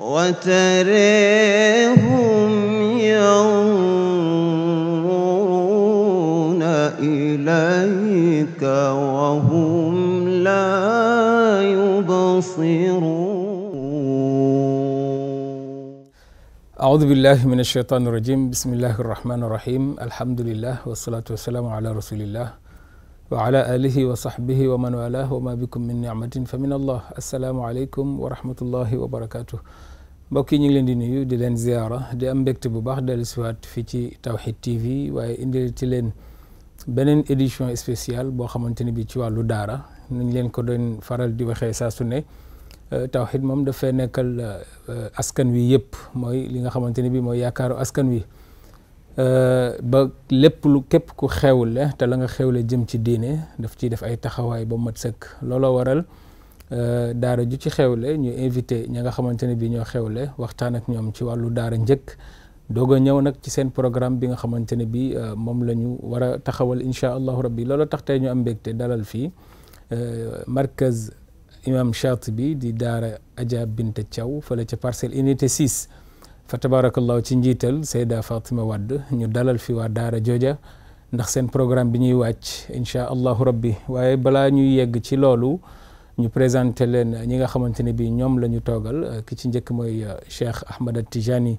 وتريهم ينظرون إليك وهم لا يبصرون أعوذ بالله من الشيطان الرجيم بسم الله الرحمن الرحيم الحمد لله والصلاة والسلام على رسول الله wa ala alihi wa sahbihi wa man walah wa ma bikum min nicmatin fa min allah assalaamu aleykum wa rahmatullahi wa barakatuh mbokk yi ñu ngi leen di nuyu di leen ziyaara di am mbégte bu baax dellu siwaat fii ci Tawhid TV waaye indi ci leen beneen édition spéciale boo xamante ni bi ci wàllu daara nañ leen ko doon faral di waxee saa su ne euh, Tawhid moom dafay nekkal euh, askan wi yëpp mooy li nga xamante ni bi mooy yaakaaru askan wi Euh, ba lépp lu képp ku xewle te la nga xewle jëm ci diine daf ciy def ay taxawaay ba mat sëkk looloo waral euh, daara ju ci xewle ñu invité ña nga xamante ne bii ñoo xewle waxtaan ak ñoom ci wàllu daara njëkk doog a ñëw nag ci seen programme bi nga xamante ne bii euh, moom la ñu war a taxawal incha allahu rabbi loolu tax tey ñu am te dalal fii markaz imam bi di daara Adja Binta Thiaw fële ca parcelle unité 6 fa tabarakallahu ci njiital Seyda Fatima Wade ñu dalal fi waa daara jooja ndax seen programme bi ñuy wàcc incha allahu rabbi waaye balaa ñuy yegg ci loolu ñu présenté leen ñi nga xamante ne bi ñoom la ñu toogal ki ci njëkk mooy Cheikh Ahmad Tijani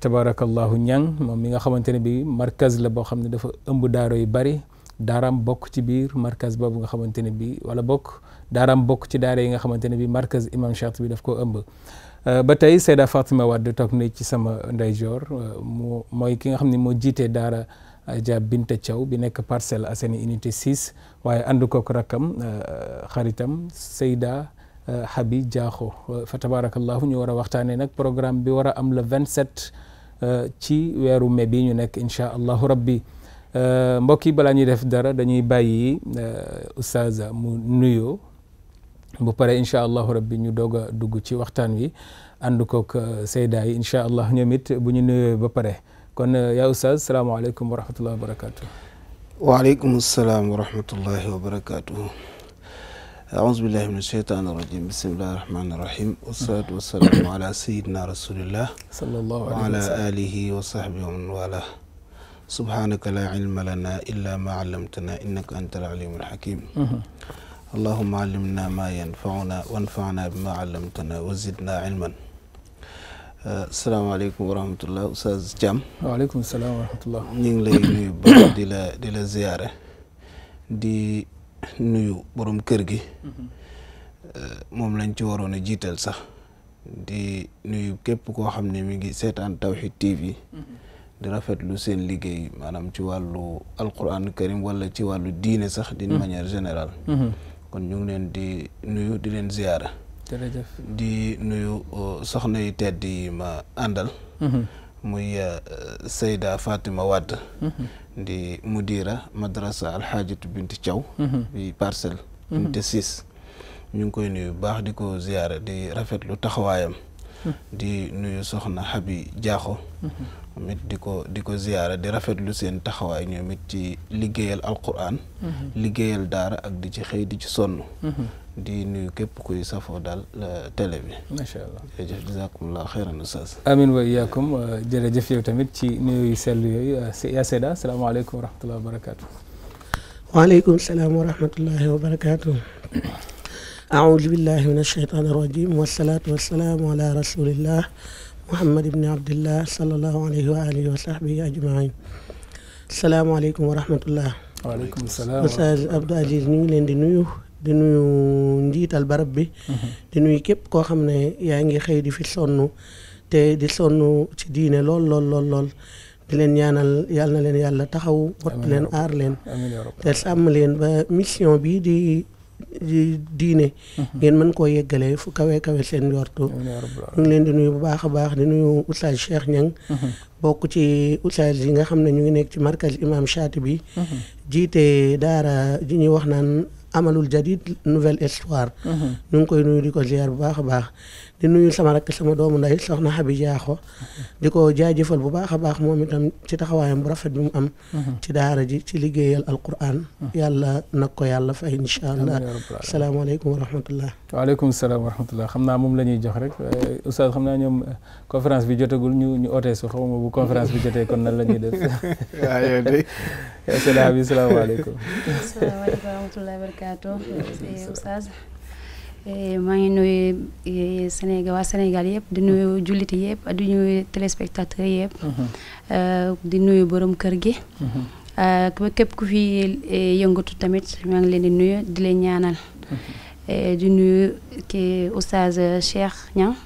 tabarakallahu ñang moom mi nga xamante ne bi markaz la boo xam ne dafa ëmb daaro yu bari daaram bokk ci biir markaz boobu nga xamante ne bi wala bokk daaram bokk ci daara yi nga xamante ne bi markaz imam Chaatibi daf koo ëmb Euh, ba tey Seyda Fatima Wade toog na ci sama ndeyjoor euh, mu mooy ki nga xam ni moo jiitee daara Dia euh, Binta Thiaw bi nekk Parcelles Assainies unité 6 waaye ànd kook rakkam xaritam Seyda xabi Diakho fa tabarakallahu ñu war a waxtaanee nag programme bi war a am le 27 ci weeru mai bi ñu nekk incha allahu rabbi mbokk yi balaa ñuy def dara dañuy bàyyi Oustaz mu nuyoo bu pare incha allahu rabbi ñu doog a dugg ci waxtaan wi ànd koog euh, Seyda yi incha allah ñoom it bu ñu nuyoo ba pare kon euh, yaa oustaz salaamaaleykum wa rahmatullahi wa barakaatu. waaleykum salaam wa rahmatullahi wa barakaatu. aouzu billahi min asheytaani rajim bismillahi rahmaani rahim wasalaatu wasalaamu ala sayidina rasulillah sallallahu wa ala alihi wa sahbihi wa man wala subhanaka la ilma lana illa ma allamtana innaka anta al alimul hakim mhm. اللهم علمنا ما ينفعنا وانفعنا بما علمتنا وزدنا علما salaamaaleykum wa rahmatullah Oustaz Thiam. waaleykum salaam wa rahmatullah. ñu ngi lay nuyu ba di la di di nuyu borom kër gi. Euh, moom lañ ci waroon a jiital sax di nuyu képp koo xam ne mi ngi seetaan Tawhid TV. di rafetlu seen liggéey maanaam ci wàllu Alquran Karim wala ci wàllu diine sax d'une manière générale. Mhm. kon ñu ngi leen di nuyu di leen ziyaara jërëjëf di nuyu soxna yi tedd yi ma àndal mm-hmm. muy e, Seyda Fatima Wade mm-hmm. di mudira madrasa alxaajatu Binti Thiaw bi mm-hmm. parcelle unité six ñu ngi koy nuyu baax di ko ziyaara di rafetlu taxawaayam di nuyu soxna Habi jaaxo moom it di ko di ko ziyaara di rafetlu seen taxawaay ñoom it ci liggéeyal alquran mhm. liggéeyal daara ak di ci xëy di ci sonn mhm. di nuyu képp kuy safoo daal euh, télé bi macha allah jërëjëf jazakumullah xeyran oustaz amin euh, yow tamit ci nuyu sell yooyu euh, yaa seeda asalaamaaleykum wa rahmatullah wa barakatu salaam wa rahmatullahi wa barakatuh aoudu billahi min alsheytan irrajim wasalaatu wasalaamu ala rasulillah muhammad ibni abdillah salallahu alayhi wa alihi wa sahbihi ajmain salaamaaleykum wa rahmatullah waaleykum salaam Oustaz Abdou Aziz ñu ngi leen di nuyu di nuyu njiital barab bi mhm. di nuyu képp koo xam ne yaa ngi xëy di fi sonn te di sonn ci diine lool lool lool lool di leen ñaanal yàlla na taxaw wat aar leen te sàmm leen ba mission bi di diine mhm. ngeen mën koo yeggalee fu kawee kawe seen yortu ñu leen di nuyu bu baax a baax di nuyu oustaz Cheikh Niang mhm. bokk ci oustaz yi nga xam ne ñu ngi nekk ci markaz imam Chatibi mhm. jiite daara ji ñuy wax naan amalul jadid nouvelle histoire ñu koy nuyu di ko ziar bu baax baax di nuyu sama rakk sama doomu nday soxna Habi Jaaxo mm-hmm. di ko jaajëfal bu baax a baax moom itam ci taxawaayam bu rafet bi mu am mm-hmm. ci daara ji ci liggéeyal alquran mm-hmm. yàlla nag ko yàlla fa incha allah salaamaaleykum wa rahmatullah waaleykum salaam wa rahmatullah xam naa moom la ñuy jox rek eh, oustaz xam naa ñoom eh, conférence bi jotagul ñu ñu ootee su xaw ma bu conférence bi jotee kon nan la ñuy def waaw yow de asalaam bi salaamaaleykum asalaamaaleykum wa rahmatullahi wa barakatuh Eh, maa ngi nuyu eh, Sénégal waa Sénégal yëpp di nuyu mm-hmm. julliti yëpp di nuyu téléspectateurs yëpp. Mm-hmm. Eh, di nuyu boroom kër gi. Mm-hmm. képp ku fi yëngatu tamit maa ngi leen di nuyu di leen ñaanal. di nuyu kii oustaz Cheikh Niang.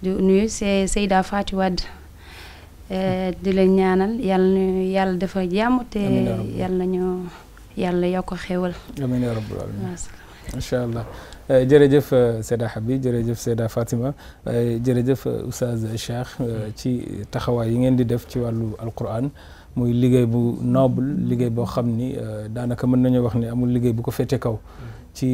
di nuyu Seyda Fatou Wade. di leen ñaanal yàlla na yàlla dafa jàmm te yàlla nañu yàlla yokk xéwal. Euh, jërëjëf euh, Seyda Habi jërëjëf Seyda Fatima euh, jërëjëf Oustaz Cheikh ci taxawaay yi ngeen di def ci wàllu Alquran muy liggéey bu noble liggéey boo xam ni daanaka mën naño wax ni amul liggéey bu ko fete kaw. ci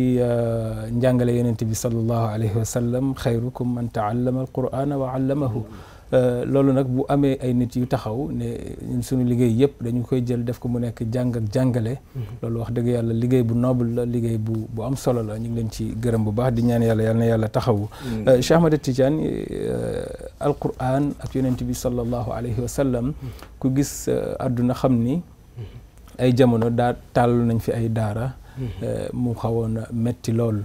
njàngale yonent bi sallallahu alayhi wa sallam xayrukum man taallama alqurana wa allamahu Euh, loolu nag bu amee ay nit yu taxaw ne ñun suñu liggéey yëpp dañu koy jël def ko mu nekk jàng ak jàngale. Mhm. loolu wax dëgg yàlla liggéey bu noble la liggéey bu bu am solo la ñu ngi leen ci gërëm bu baax di ñaan yàlla yal na yàlla taxawu. Mhm. Euh, Cheikh Ahmed Tidiane euh, alquran ak yonent bi sallallahu alayhi wa sallam mhm. ku gis àdduna xam ni. ay jamono daa tàllu nañ fi ay daara. mu xawoon metti lool.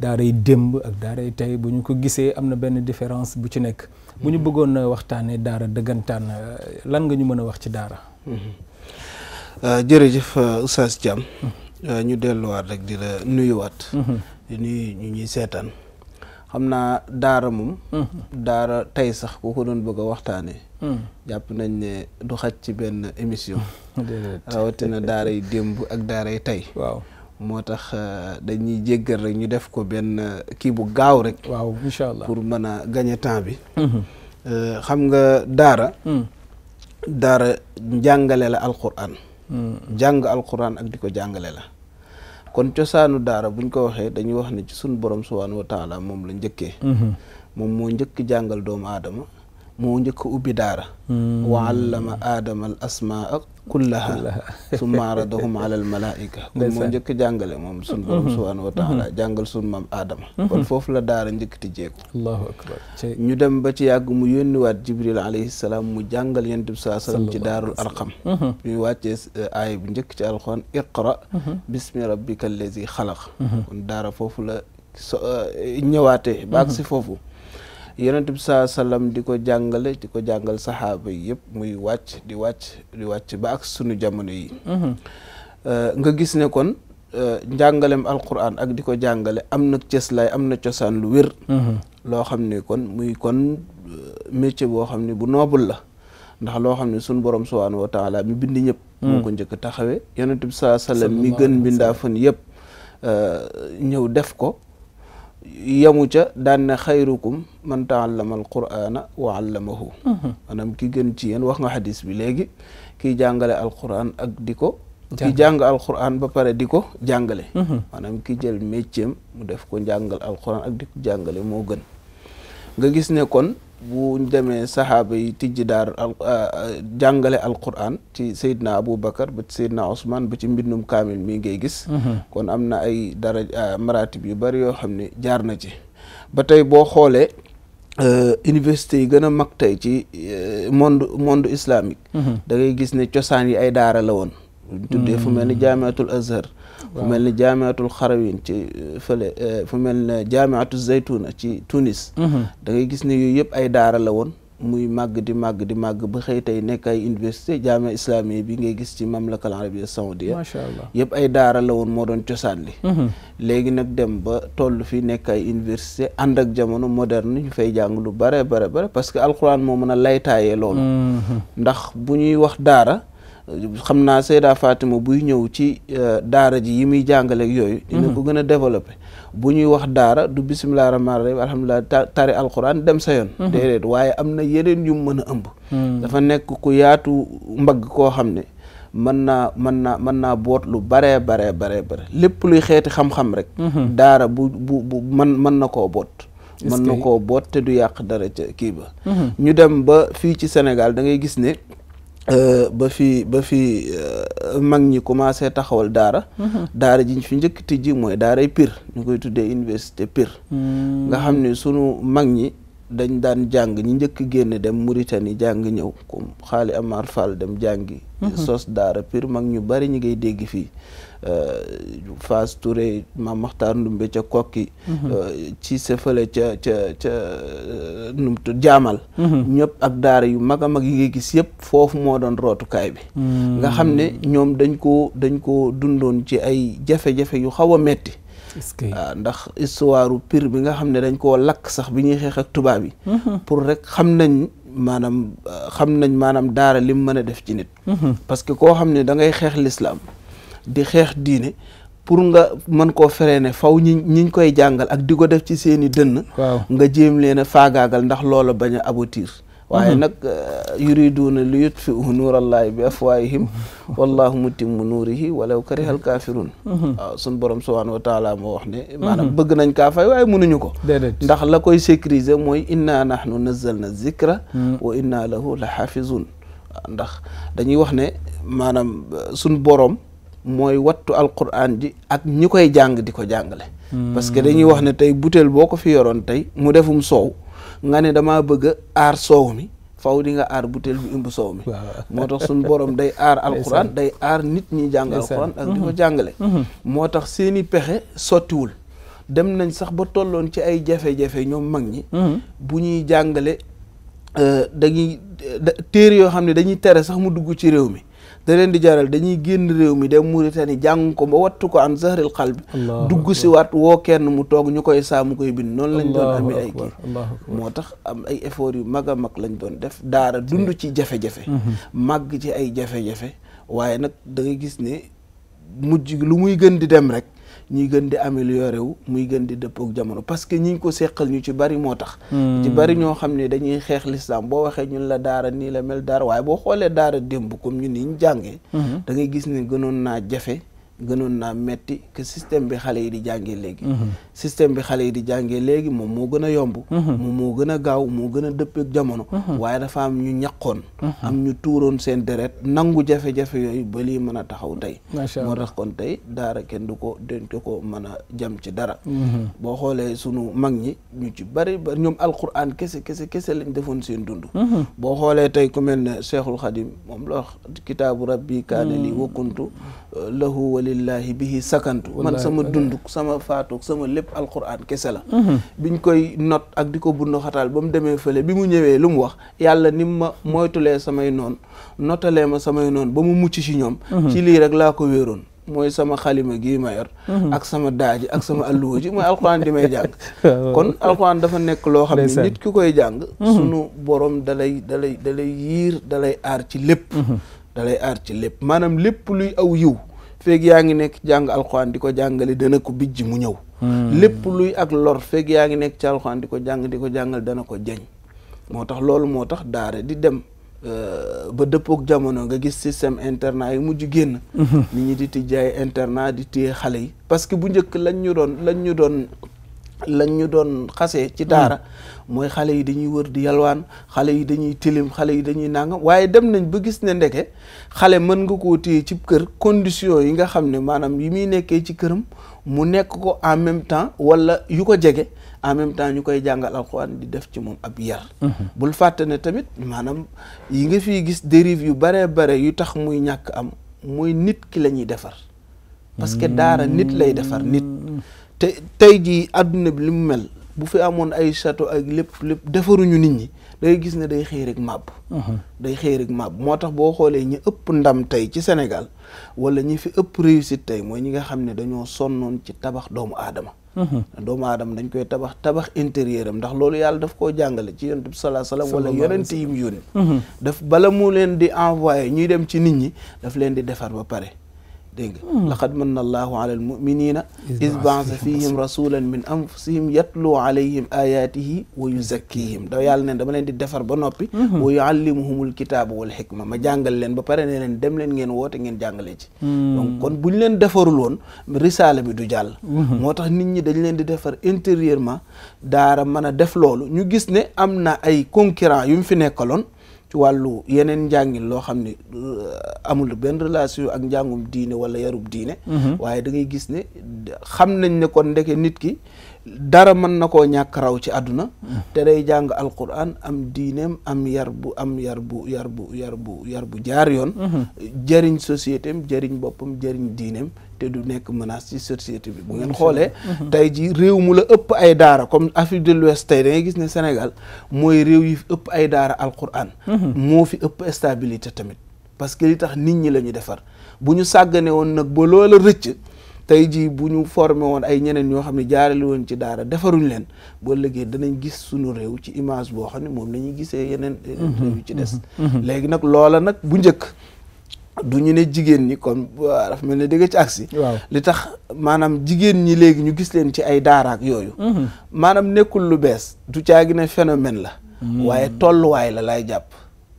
daaray démb ak daaray tey bu ñu ko gisee am na benn différence bu ci nekk. bu ñu bëggoon waxtaanee daara dëggantaan euh, lan nga ñu mën a wax ci daara. Mhm. Euh, jërëjëf euh, Oustaz Thiam. Mhm. ñu delluwaat rek di la nuyuwaat. Mhm. di nuyu ñu ñuy seetaan. xam naa daara moom. daara tey sax ku ko doon bëgg a waxtaanee. jàpp nañ ne du xaj ci benn émission. rawatina daara yi démb ak daara yi tey. waaw. moo tax euh, dañuy jéggal rek ñu def ko benn euh, kii bu gaaw rek. waaw incha pour mën a gagner temps bi. Mhm. Euh, xam nga daara. Mm. daara njàngale la alquran. Mm. jàng alquran ak di ko jàngale la. kon cosaanu daara buñ ko waxee dañuy wax ne ci sunu borom subhaanahu wa taala moom la njëkkee. Mhm. moom moo njëkk jàngal doomu aadama. moo njëkk ubbi daara hmm. wa allama adama al asmaa kullaha summa aradahum ala al malaika kon njëkk jàngale moom sun borom hmm. subhanahu wa hmm. jàngal sun maam aadama kon foofu la daara njëkk ti jeeku ñu dem ba ci yàgg mu yónniwaat jibril alayhi salaam mu jàngal yonent bi saa sallam ci daarul arqam bi ñu wàccee eh, njëkk ci alxuraan iqra bismi rabbika allazi xalaq kon daara foofu la so eh, ñëwaatee foofu yonent bi saa sallam di ko jàngale di ko jàngal saxaaba yi yëpp muy wàcc di wàcc di wàcc ba ak sunu jamono yii mhm. euh, nga gis ne kon euh, jàngalem alquran ak di ko jàngale am na cëslaay am na cosaan lu wér mhm. loo xam ne kon muy kon euh, métier boo xam ne bu noobul la ndax loo xam ne sunu borom subhaanahu wa taala mi bind ñëpp mhm. moo ko njëkk taxawee yonent bi saa sallam mi gën mbindaa fan yëpp ñëw def ko yamu ca daan ne xayrukum man taallama alqur'ana wa allamahu mhm. maanaam ki gën ci yéen wax nga xadis bi léegi kiy jàngale alqur'an ak di ko ki jàng alqur'an ba pare di ko jàngale mhm. maanaam ki jël métier mu def ko njàngal alqur'an ak di jàngale moo gën nga gis ne kon bu ñu demee saxaaba yi tijji daar al jàngale alquran ci Seydina Aboubacar ba ci Seydina Ousmane ba ci mbindum kaamil mi ngay gis. Mhm. kon am na ay dara maratib yu bari yoo xam ne jaar na ci. ba tey boo xoolee e, université yi gën a mag tey ci e, monde monde islamique. Mhm. da ngay gis ne cosaan yi ay daara la woon. tuddee fu mel ni mhm. jaamiatul Azhar. fu mel ni jaamiatul xarawin ci uh, fële uh, fu mel ne jaamiatu zaytuna ci Tunis mhm. da ngay gis ne yooyu yëpp ay daara la woon muy màgg di màgg di màgg ba xëy tey nekk ay université jaamia islamiyi bi ngay gis ci mamlakal arabia saoudia macha allah yëpp ay daara la woon moo doon cosaan li mhm. léegi nag dem ba toll fi nekk ay université ànd ak jamono moderne ñu fay jàng lu bare bare bare parce que alquran moo mën a laytaayee loolu mhm. ndax bu ñuy wax daara xam naa Seyda Fatima buy ñëw ci euh, daara ji yi muy jàngaleeg yooyu. Mhm. dina ko gën a développé. bu ñuy wax daara du bisimilah rahmaani rahiim alhamdulilah tari alquran dem sa yoon. Mhm. déedéet waaye am na yeneen yu mën a ëmb. Mhm. dafa nekk ku yaatu mbagg koo xam ne. man naa mën naa mën naa boot lu baree baree baree bare lépp luy xeeti xam-xam rek. daara bu bu bu mën mën na koo boot. mën na koo boot te du yàq dara ca kii ba. ñu dem ba fii ci Sénégal da gis ne. Euh, ba fi ba fi euh, mag ñi commencé taxawal daara mhm. daara jiñ fi njëkk tijji mooy daaray piir ñu koy tuddee université Pire hmm. nga xam ne sunu mag ñi dañ daan jàng ñi njëkk génn dem Mauritanie jàng ñëw comme Xaali Amar Fall dem jàngi mhm. sos daara Pire mag ñu bari ñu ngay dégg fii Euh, Fass Touré Mame Makhtar Ndumbe ca Kokki mhm. euh, ci sefale ca ca ca euh, numtu jaamal mhm. ñëpp ak daara yu mag a mag yi nga gis yëpp foofu moo doon rootukaay bi mm. nga xam ne ñoom dañ ko dañ ko dundoon ci ay jafe-jafe yu xaw a metti waaw ah, ndax histoire pire bi nga xam ne dañ koo lakk sax bi ñuy xeex ak tubaab yi mhm. pour rek xam nañ maanaam xam nañ maanaam daara lim mën a def ci nit parce koo xam ne da xeex l'islam di xeex diine pour nga mën koo ne faw ñi ñiñ koy jàngal ak di ko def ci seeni dënn nga jéem leen a faagaagal ndax loola bañ a waaye mhm. nag euh, yuriduuna li yutfiu nuurallaahi bi afwaahihim wallaahu mutimmu nuurihi walaw kariha mhm. alkaafiruun mhm. waaw sun borom subhaanahu wa taala moo wax ne maanaam bëgg nañ kaa fay waaye mënuñu ko ndax la koy sécuriser mooy inna nahnu nazzalna zikra wa inna lahu la xaafizuun ndax dañuy wax ne maanaam euh, sun borom mooy wattu alquran ji ak ñi koy jàng di ko jàngale parce que dañuy wax ne tey butéel boo ko fi yoroon tey mu defum soow nga ne damaa bëgg aar soow mi faw di nga aar butéel bi ëmb soow mi moo tax suñu borom day aar alquran day aar nit ñi jàng alquran ak di ko mm-hmm. jàngale mm-hmm. moo tax seeni pexe sottiwul dem nañ sax ba tolloon ci ay jafe-jafe ñoom mag ñi mm-hmm. bu ñuy jàngale euh, dañuy euh, téere yoo xam ne dañuy tere sax mu dugg ci réew mi da leen di jaral dañuy génn réew mi dem Mauritanie jàng ko ba wattu ko an zahril qalbi dugg si waat woo kenn mu toog ñu koy saa koy bind noonu lañ doon amee ay kii moo tax am ay effort yu mag a mag lañ doon def daara dund ci jafe-jafe mm-hmm. Mm-hmm. màgg ci ay jafe-jafe waaye nag da nga gis ne mujj lu muy gën di dem rek ñuy gën di améliorer wu muy gën di dëppook jamono parce que ñi ko seqal ñu ci bari moo tax hmm. ci bari ñoo xam ne dañuy xeex lislaam boo waxee ñun la daara nii la mel daara waaye boo xoolee daara démb comme ñun ni ñu jàngee hmm. da ngay gis ne gënoon naa jafe gënoon naa metti que système bi xale yi di jàngee léegi mhm. système bi xale yi di jàngee léegi moom moo gën a yomb mhm. moom moo gën a gaaw moo gën a dëppeek jamono mhm. waaye dafa am ñu ñaqoon am ñu tuuroon seen deret nangu jafe-jafe yooyu ba man a taxaw tey moo tax kon tey daara kenn du ko denc ko mën a jam ci dara boo xoolee sunu mag ñi ñu ci bari bari ñoom alquran kese kese kese lañ defoon seen dund boo xoolee tey ku mel ne Cheikhul Khadim moom la wax kitaabu rabbi lillahi bihi sakantu man sama dunduk sama faatug sama lépp alquran kese la mhm. biñ koy not ak di ko bundu xataal ba mu demee fële bi mu ñëwee lu mu wax yàlla ni ma moytulee samay noon notalee ma samay noon ba mu mucc ci ñoom mhm. ci lii rek laa ko wéeroon mooy sama xalima gii ma yor mhm. ak sama daaji ak sama alluwa ji mooy alxuraan di may jàng kon alxuraan dafa nekk loo xam ne nit ki koy jàng sunu borom dalay dalay dalay yiir dalay aar ci lépp dalay aar ci lépp maanaam lépp luy aw yiw feeg yaa ngi nekk jàng alxuraan di ko jàngale dana ko bijj mu ñëw hmm. lépp luy ak lor feeg yaa ngi nekk ci alxuraan di ko jàng di ko jàngal dana ko jeñ moo tax loolu moo tax daara di dem euh, ba dëppook jamono nga gis système internat yi mujj génn hmm. nit ñi di tijjaay internat di téye xale yi parce que bu njëkk lañ ñu doon lañ ñu doon lañ ñu doon xasee ci daara hmm. mooy xale yi dañuy wër di yalwaan xale yi dañuy tilim xale yi dañuy nangam waaye dem nañ ba gis ne ndeke xale mën nga koo téye ci kër condition yi nga xam ne maanaam yi muy nekkee ci këram mu nekk ko en même temps wala yu ko jege en même temps ñu koy jàngal alxuraan di def ci moom ab yar mhm. bul fàtte ne tamit maanaam yi nga fi gis dérive yu bare bare yu tax muy ñàkk am mooy nit ki la ñuy defar parce que daara nit lay defar nit mm. te tey jii àdduna bi li mu mel bu fi amoon ay château ak lépp lépp defaruñu nit ñi day gis ne day xëy rek màbb uh-huh. day xëy rek màbb moo tax boo xoolee ñi ëpp ndam tey ci Sénégal wala ñi fi ëpp réussite tey mooy ñi nga xam ne dañoo sonnoon ci tabax doomu aadama uh-huh. doomu aadama dañ koy tabax tabax intérieur am ndax loolu yàlla daf koo jàngale ci yonent bi salaa salaam wala yonent yim yónni daf bala mu leen di envoyé ñuy dem ci nit ñi daf leen di defar ba pare dégg nga hmm. laqad manna allahu ala almuminina iz baasa fihim rasulan min anfusihim yatlu alayhim ayatihi wa yuzakkihim da yàlla neen dama leen di defar ba noppi hmm. wa yuallimuhumul kitaaba wal xikma ma jàngal leen ba pare ne leen dem leen ngeen woote ngeen jàngale ci hmm. donc kon buñ leen defarul woon risaala bi du jàll moo tax nit dañ leen di defar intérieurement daara mën a def loolu ñu gis ne am na ay concurrent yu mu fi nekkaloon ci wàllu yeneen njàngin loo xam ne euh, amul benn relation ak njàngum diine wala yarub diine mhm. waaye da ngay gis ne xam nañ ne ko ndeke nit ki dara mën na koo ñàkk raw ci àdduna mhm. te day jàng alquran am diinem am yar bu am yar bu yar bu yar bu yar bu jaar yoon mhm. jëriñ société am jëriñ boppam jëriñ diineem te du nekk menace ci société bi bu ngeen xoolee mhm. tey ji réew mu la ëpp ay daara comme Afrique de l'Ouest tey da gis ne Sénégal mooy réew yi fi ëpp ay daara alquran mhm. moo fi ëpp stabilité tamit parce que li tax nit ñi la ñu defar bu ñu sàggane woon nag ba loola rëcc tey jii bu ñu formé woon ay ñeneen ñoo xam ne jaarale woon ci daara defaruñ leen boo liggéey danañ gis suñu réew ci image boo xam ne moom lañuy gisee yeneen mhm. réew yu ci des léegi nag loola nag bu njëkk du ñu ne jigéen ñi kon dafa mel ne dëgg ci agsi li tax maanaam jigéen ñi léegi ñu gis leen ci ay daaraak yooyu mhm. maanaam nekkul lu bees du caagi ne phénomène la mhm. waaye tolluwaay la laay jàpp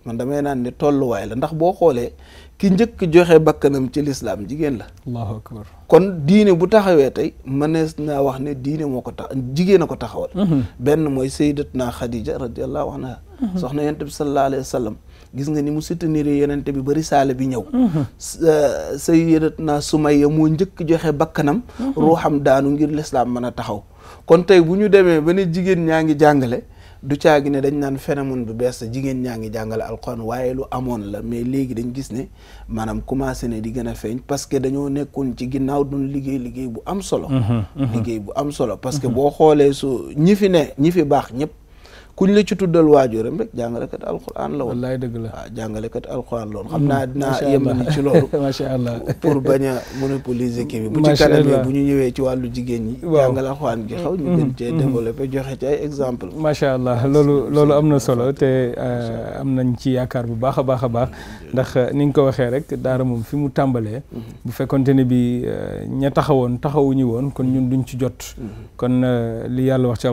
man damay naan ne tolluwaay la ndax boo xoolee ki njëkk joxe bakkanam ci lislaam jigéen la allahu akbar kon diine bu taxawee tey mënees naa wax ne diine moo ko tax jigéen a ko taxawal mhm. benn mooy sayyidatna Khadija radiyallahu anha soxna yonent bi sallallahu alayhi wa gis nga ni mu soutenir yonente bi ba risaale bi ñëw mhm. euh, sayyidatna Sumayya moo njëkk joxe bakkanam mhm. xam daanu ngir lislaam mën a taxaw kon tey bu ñu demee ba ne jigéen ñaa ngi jàngale du caagi ne dañ naan phénomène bu bees jigéen ñaa ngi jàngale alxuraan waaye lu amoon la mais léegi dañ gis ne maanaam commencé ne di gën a feeñ parce que dañoo nekkoon ci ginnaaw doon liggéey liggéey bu am solo mhm, liggéey bu am solo parce que boo xoolee su ñi fi ne ñi fi baax ñëpp kuñ la ci tuddal waajuram rek jàngalekat alquran la woon. wallaay dëgg la waaw ah, jàngalekat alquran la woon. xam mm-hmm. naa dinaa yemani ci loolu. macha allah pour bañ a monopoliser bi. bu ci kanamee bu ñu ñëwee ci wàllu jigéen ñi. waaw jàngale alquran gi xaw ñu gën mm-hmm. cee mm-hmm. développé joxe ci ay exemple macha allah loolu am na solo te am nañ ci yaakaar bu baax a baax a baax ndax ni nga ko waxee rek daara moom fi mu tàmbalee. bu fekkonte ne bi ña taxawoon taxawuñu woon kon ñun duñ ci jot. kon li yàlla wax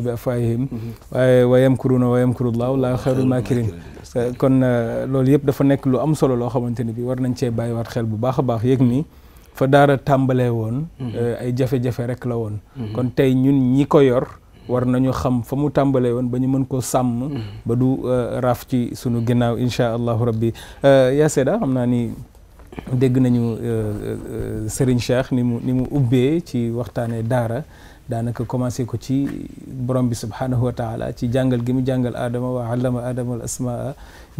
yamkuruna bi afwaahihim waaye wa yamkuruna wa yamkurullahu laa xayrul maakirin kon loolu yëpp dafa nekk lu am solo loo xamante ni bi war nañ bàyyi bàyyiwaat xel bu baax a baax yëg ni fa daara tàmbalee woon mhm. euh, ay jafe-jafe rek la woon mhm. kon tey ñun ñi ko yor war nañu xam fa mu tàmbalee woon ba ñu mën koo sàmm mhm. ba du euh, raaf ci sunu ginnaaw incha allahu rabbi euh, yaa seeda xam naa ni dégg nañu Serigne Cheikh ni ni mu ubbee ci waxtaanee daara daanaka commencé ko ci borom bi subhanahu wa taala ci jàngal gi mu jàngal aadama wa allama aadama al asmaa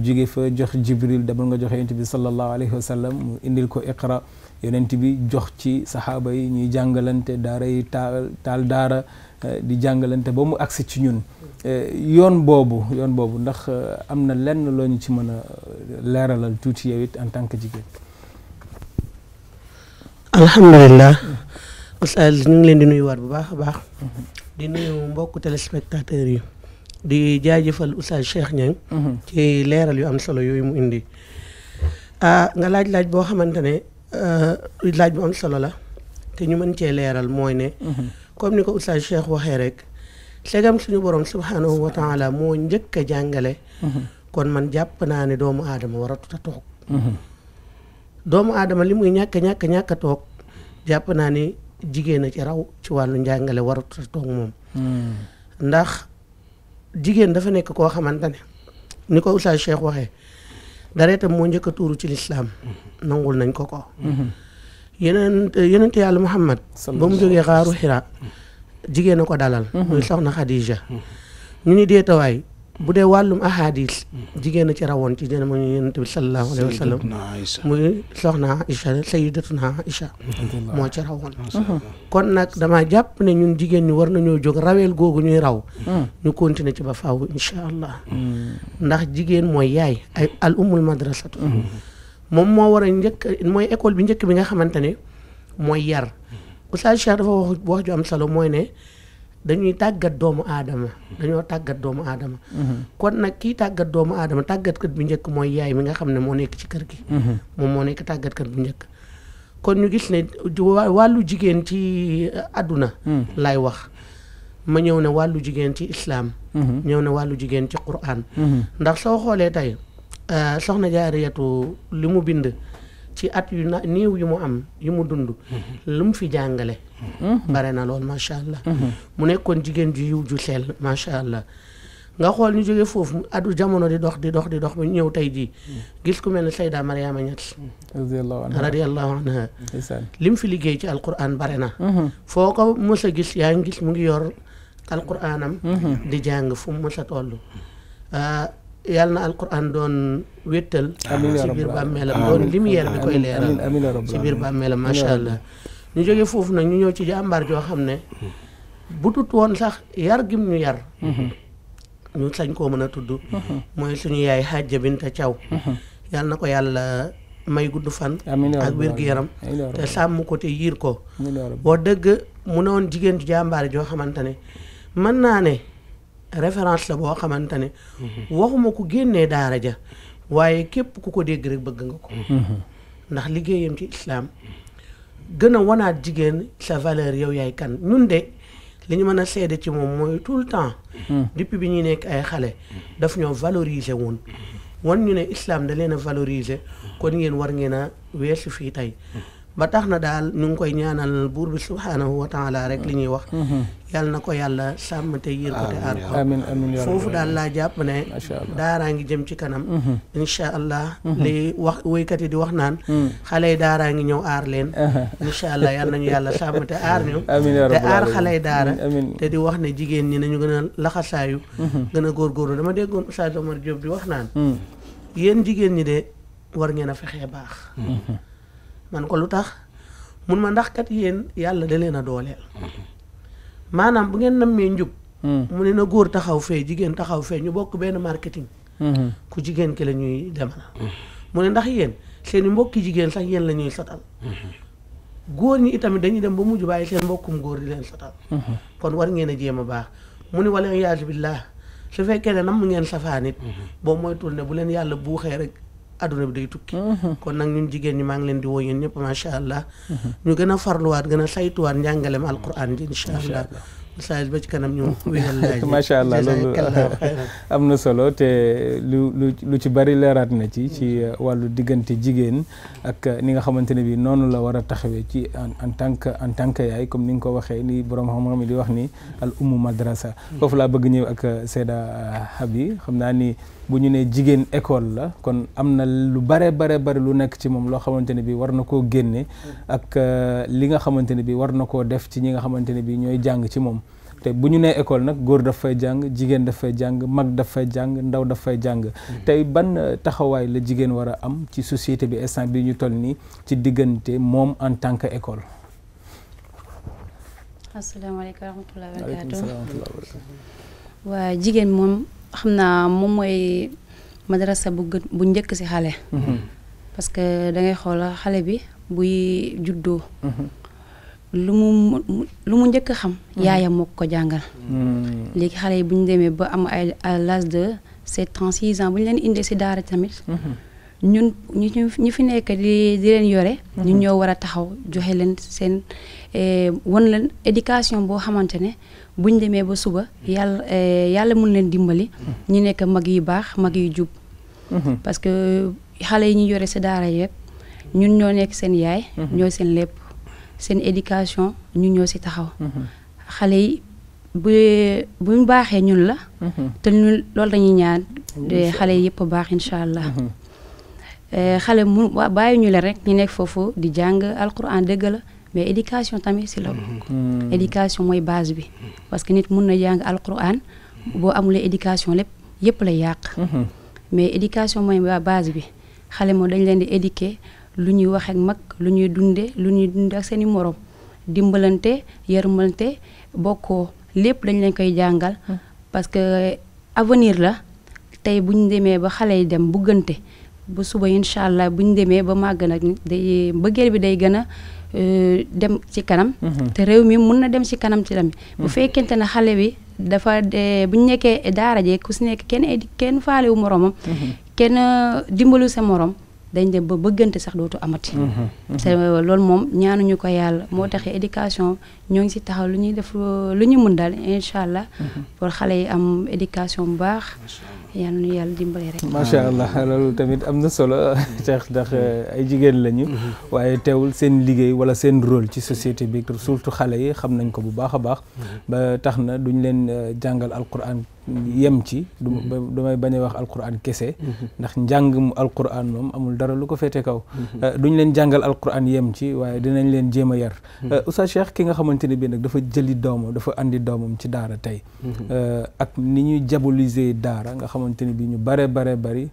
jóge fa jox jibril demal nga joxe yonent bi sallallahu alayhi wa sallam mu indil ko iqra yonent bi jox ci saxaaba yi ñuy jàngalante daara yi taal taal daara eh, di jàngalante ba mu agsi ci ñun eh, yoon boobu yoon boobu ndax eh, am na lenn loo ñu ci mën a leeralal tuuti yow it en tant que jigéen Oustaz ñu ngi leen di nuyuwaat bu baax a baax. Mhm. di nuyu mbokku téléspectateurs yi. di jaajëfal Oustaz Cheikh Niang. Mhm. ci leeral yu solo yooyu mu indi. ah nga laaj laaj boo xamante ne euh, laaj bu am solo la te ñu mën cee leeral mooy ne. Mhm. comme ni ko Oustaz Cheikh waxee rek. segam suñu borom subhaanahu wa taala moo njëkk a jàngale. kon man jàpp naa ne doomu aadama waratut a toog. doomu aadama li muy ñàkk ñàkk ñàkk a toog jàpp naa jigéen a ci raw ci wàllu njàngale warut a toog moom. Hmm. ndax jigéen dafa nekk koo xamante ne ni ko Oustaz Cheikh waxee dareetam moo njëkk a tuuru ci lislaam hmm. nangul nañ ko ko. Hmm. yeneen ti yàlla Muhammad ba mu jógee xaaru Hira jigéen a ko dalal. muy soxna Khadija. ñu ni deetawaay bu dee wàllum ahadis jigéen na ci rawoon ci dina mu yonent bi sallallahu alayhi wa sallam muy soxna Aïcha sayyidatuna Aïcha moo ci rawoon kon nag damaa jàpp ne ñun jigéen ñi war nañoo jóg raweel googu ñuy raw hmm. ñu continuer ci ba faaw insha allah hmm. ndax jigéen mooy yaay ay al ummul hmm. moom moo war a mooy école bi njëkk bi nga xamante ne mooy yar Oustaz Cheikh dafa wax wax ju am solo mooy ne dañuy tàggat doomu aadama dañoo tàggat doomu aadama kon nag kii tàggat doomu aadama tàggatkat bu njëkk mooy yaay mi nga xam ne moo nekk ci kër gi moom moo nekk tàggatkat bu njëkk kon ñu gis ne wàllu jigéen ci uh, àdduna lay wax ma ñëw ne wàllu jigéen ci islaam ñëw ne wàllu jigéen ci quraan ndax soo xoolee tey uh, soxna jaariyatu li mu bind ci at yu na néew yu mu am yu mu dund mm-hmm. lu mu fi jàngale mm-hmm. bare na lool macha allah mm-hmm. mu nekkoon jigéen ju yiw ju seel macha allah nga xool ni jógee foofu adu jamono di dox di dox di dox ba ñëw tey jii gis ku mel ne Sayda Mariama Ñas radiallahu anha li mu fi liggéey ci alquran bare na foo ko mës a gis yaa ngi gis mu ngi yor alquranam di jàng fu mu mës a toll ah, yàlla na alquran doon wéttal ci biir bàmmeelam doon lumière bi koy leeral ci biir bàmmeelam macha allah ñu jóge foofu na ñu ñëw ci jàmbaar joo xam ne bu tut woon sax yar gim ñu yar mhm. ñu sañ koo mën a tudd mhm. mooy suñu yaay Hajja Binta Thiaw mhm. yàlla na ko yàlla may gudd fan ak wér-gu-yaram te sàmm ko te yiir ko boo dëgg mu ne woon jigéen ju jàmbaar joo xamante ne mën naa ne référence la boo xamante ne waxuma ku génnee daara ja waaye képp ku ko dégg rek bëgg nga ko ndax liggéeyam ci islam gën a wanaat jigéen sa valeur yow yaay kan ñun de li ñu mën a seede ci moom mooy tout le temps depuis bi ñuy nekk ay xale daf ñoo valoriser woon wan ñu ne islaam da leen a valoriser kon ngeen war ngeen a weesu fii tey ba tax na daal ñu ngi koy ñaanal buur bi subhaanahu wa taala rek li ñuy wax mm-hmm. mm-hmm. yàlla na ko yàlla sàmm te yiir ko te aar ko foofu daal laa jàpp ne daaraa ngi jëm ci kanam mm-hmm. incha allah li wax woykat yi di wax naan mm. xale yi daaraa ngi ñëw aar leen uh-huh. incha allah yàlla nañu yàlla sàmm te aar ñu te aar xale yi daara te di wax ne jigéen ñi nañu gën a laxasaayu gën a góorgóorlu dama déggoon Oustaz Omar Diop di wax naan mm. yéen jigéen ñi de war ngeen a fexe baax man ko lu tax mun ma ndax kat yéen yàlla da leen a dooleel maanaam bu ngeen nammee njub hmm. mu ne na góor taxaw fee jigéen taxaw fee ñu bokk benn marketing hmm. ku jigéen ki la ñuy demal mu ne ndax yéen seen i mbokki jigéen sax yéen lañuy sotal góor ñi itamit dañuy dem ba mujj bàyyi seen mbokkum góor di leen sotal hmm. kon war ngeen a jéem a baax mu ne wala yaasu billah su fekkee ne nam mu ngeen safaan it boo moytul ne bu leen yàlla buuxee rek àdduna bi day tukki. Mhm. kon nag ñun jigéen ñi maa ngi leen di woo yéen ñëpp macha allah. Mhm. ñu gën a farluwaat gën a saytuwaat njàngaleem alquran ji incha allah. Saal ba ci kanam ñu wéyal macha allah am na solo te lu ci bari leeraat na ci ci wàllu diggante jigéen ak ni nga xamante ne bi noonu la war a taxawee ci en tant que en tant que yaay comme ni nga ko waxee ni borom xam-xam yi di wax ni al ummu madrasa mm. foofu laa bëgg ñëw ak Seyda Habi xam naa ni bu ñu nee jigéen école la kon am na lu bare bare bare lu nekk ci moom loo xamante ne bi war na koo génne ak euh, li nga xamante ne bi war na koo def ci ñi nga xamante ne bi ñooy jàng ci moom te bu ñu nee école nag góor dafay jàng jigéen daf jàng mag daf jàng ndaw dafay jàng mm-hmm. tey ban euh, taxawaay la jigéen war a am ci société bi instant bi ñu toll nii ci diggante moom en tant que école asalaamaaleykum wa waa jigéen moom xam naa moom mooy madrasa bu gën bu njëkk ci xale. Mm-hmm. parce que da ngay xool xale bi buy juddoo. Mm-hmm. lu mu lu mu njëkk xam. Mm-hmm. yaayam mook ko jàngal. Mm. léegi xale yi bu ñu demee ba am ay à l'âge de sept ans six ans leen indee ci daara tamit. ñun ñu ñu fi nekk di leen yore. Mhm. ñu ñoo war a taxaw joxe leen seen eh, won leen éducation boo xamante ne buñ demee ba suba yàlla eh, yàlla mun leen dimbali. Mhm. ñu nekk mag yi baax mag yu jub. Mhm. parce que xale yi ñu yore si daara yëpp ñun ñoo nekk seen yaay. ñoo seen lépp seen éducation ñu ñoo si taxaw. xale yi bu buñ baaxee ñun la. te ñun loolu dañuy ñaan. xale yëpp baax incha allah. Eh, xale mu bàyyi ñu leen rek ñu nekk foofu di jàng alquran dëgg la mais éducation tamit si la bokk. Mm-hmm. Mm-hmm. éducation mooy base bi parce que nit mun na jàng alquran boo amulee éducation lépp yëpp lay yàq. Mm-hmm. mais éducation mooy base bi xale moom dañ leen di éduquer lu ñuy wax ak mag lu ñuy dunde lu ñuy dundee ak seen i morom dimbalante yërmalante bokkoo lépp dañ leen koy jàngal. parce que eh, avenir la tey bu ñu demee ba xale dem buggante. bu suba incha allah bu ñu demee ba màgg nag day bëggee bi day gën a euh, dem ci kanam. Mhm. te réew mi mun na dem ci kanam ci tamit. bu mhm. fekkente ne xale bi dafa bu ñu nekkee daara jee ku si nekk kenn kenn faale wu moromam. Mhm. kenn euh, dimbalu sa morom. dañ dem ba bëggante sax dootu amati. te euh, loolu moom ñaanuñu ko yàlla moo tax éducation ñoo ngi si taxaw lu ñuy def lu ñu mun daal incha allah. pour xale yi am éducation bu baax. yal na yàlla dimbali rek. macha allah loolu tamit am na solo tax ndax hmm. eh, ay jigéen lañu. Hmm. waaye teewul seen liggéey wala seen rôle ci société bi surtout xale yi xam nañ ko bu baax a baax. Hmm. ba tax na duñ leen eh, jàngal alquran. yem ci du mm-hmm. damay bañ a wax alquran kese mm-hmm. ndax njàng mu alquran moom amul dara lu ko féete kaw mm-hmm. euh, duñ leen jàngal alquran yem ci waaye dinañ leen jéem a yar euh, Oustaz Cheikh ki nga xamante ne bii nag dafa jëli doomam dafa andi doomam ci daara tey euh, ak ni ñu diaboliser daara nga xamante ne bii ñu bare bare bari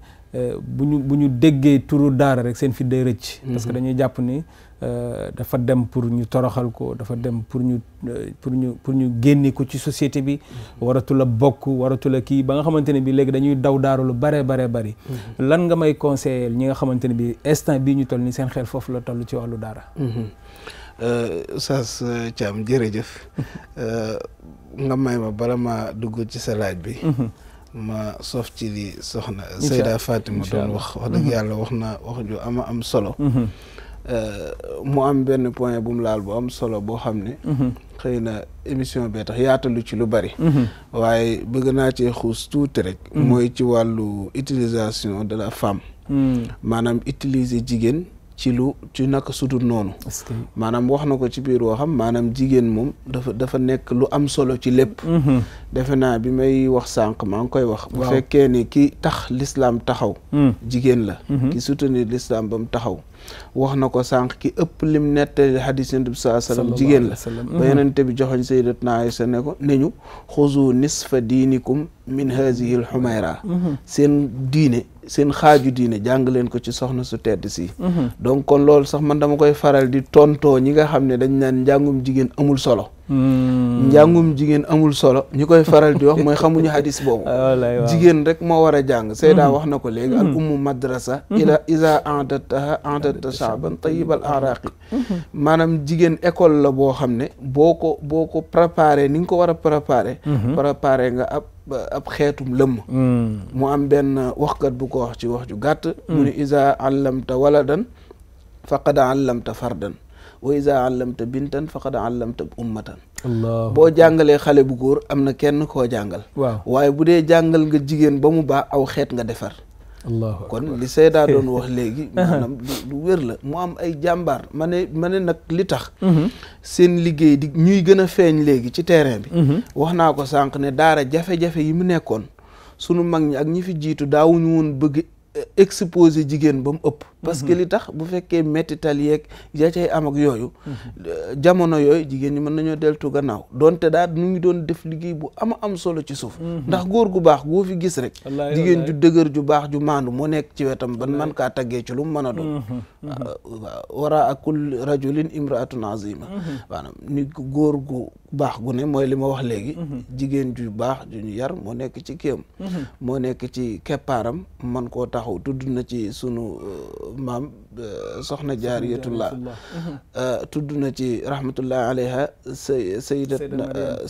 bu ñu bu ñu déggee turu daara rek seen fi day rëcc. parce que mhm. dañuy jàpp ni euh, dafa dem pour ñu toroxal ko dafa dem pour ñu euh, pour ñu pour ñu génne ko ci société bi. Mhm. waratu la bokk waratu la kii ba nga xamante ne bi léegi dañuy daw daara lu bare bare bari. Mhm. lan nga may conseiller ñi nga xamante ne bi instant bii ñu toll ni seen xel foofu la toll ci wàllu daara. Euh, Oustaz Thiam jërëjëf nga may ma bala ma dugg ci sa laaj bi. ma sof ci li soxna Seyda Fatima doon wax wax dëgg mm-hmm. yàlla wax na wax ama am solo mm-hmm. euh, mu am benn point bu mu laal bu am solo boo xam ne mm-hmm. xëy na émission bee tax yaatalu ci lu bari waaye bëgg naa ci xuus tuuti rek mooy ci wàllu utilisation de la femme mm. maanaam utiliser jigéen ci lu ci naka sudul noonu maanaam wax na ko ci biir waxam maanaam jigéen moom dafa dafa nekk lu am solo ci lépp mhm. defe naa bi may wax sànq maa ngi koy wax bu fekkee ni ki tax lislaam taxaw mm. jigéen la mhm. ki soutenir l'islam ba mu taxaw wax na ko sànq ki ëpp lim nettali hadis yonent bi saa sallam jigéen la ba mhm. yonent bi joxoñ sayyidatna Aysa ne ko ne ñu xuzu nisfa diinikum min hazihi l seen diine seen xaaju diine jàng leen ko ci soxna su tedd si donc kon lool sax man dama koy faral di tontoo ñi nga xam ne dañ naan njàngum jigéen amul solo hmm. njàngum jigéen amul solo ñi koy faral di wax mooy xamuñu hadis boobu ah, jigéen rek moo war a jàng Seyda hmm. wax na ko léegi al hmm. ummu madrasa ila isa antataha antata shaaban tayibal araqi maanaam jigéen école la boo xam ne boo ko boo ko préparé ni nga ko war a préparé nga ab ab xeetum lëmm hmm. mu am benn waxkat bu ko wax ci wax ju gàtt mu ne hmm. isa allamta waladan faqad allamta fardan wa isa allamta bintan faqad allamta ummatan alla boo jàngalee xale bu góor am na kenn koo jàngal waaw waaye bu dee jàngal nga jigéen ba mu baax aw xeet nga defar kon li Seyda doon wax léegi maanaam lu wér la mu am ay jàmbaar ma ne nag li tax mhm. seen liggéey di ñuy gën a feeñ léegi ci terrain bi mhm. wax naa ko sanq ne daara jafe-jafe yi mu nekkoon sunu mag ñi ak ñi fi jiitu daawuñu woon bëgg eh, exposer jigéen bam mu ëpp parce mhm. que li tax bu fekkee mettital yeeg ya cay am yooyu mhm. jamono yooyu jigéen ñi mën nañoo deltu gannaaw donte daal ñu ngi doon def liggéey bu ama am solo ci suuf mhm. ndax góor gu baax goo fi gis rek jigéen ju dëgër ju baax ju maandu moo nekk ci wetam ban man kaa taggee lu mën a doon ah, wara akul rajulin imraatun azima maanaam ni góor gu baax gu ne mooy li ma wax léegi jigéen ju baax ju ñu yar moo nekk ci kéem moo nekk ci keppaaram man koo taxaw tudd na ci sunu maam Euh, soxna jaariyatullah euh, tudd na ci rahmatullah alayha say sayda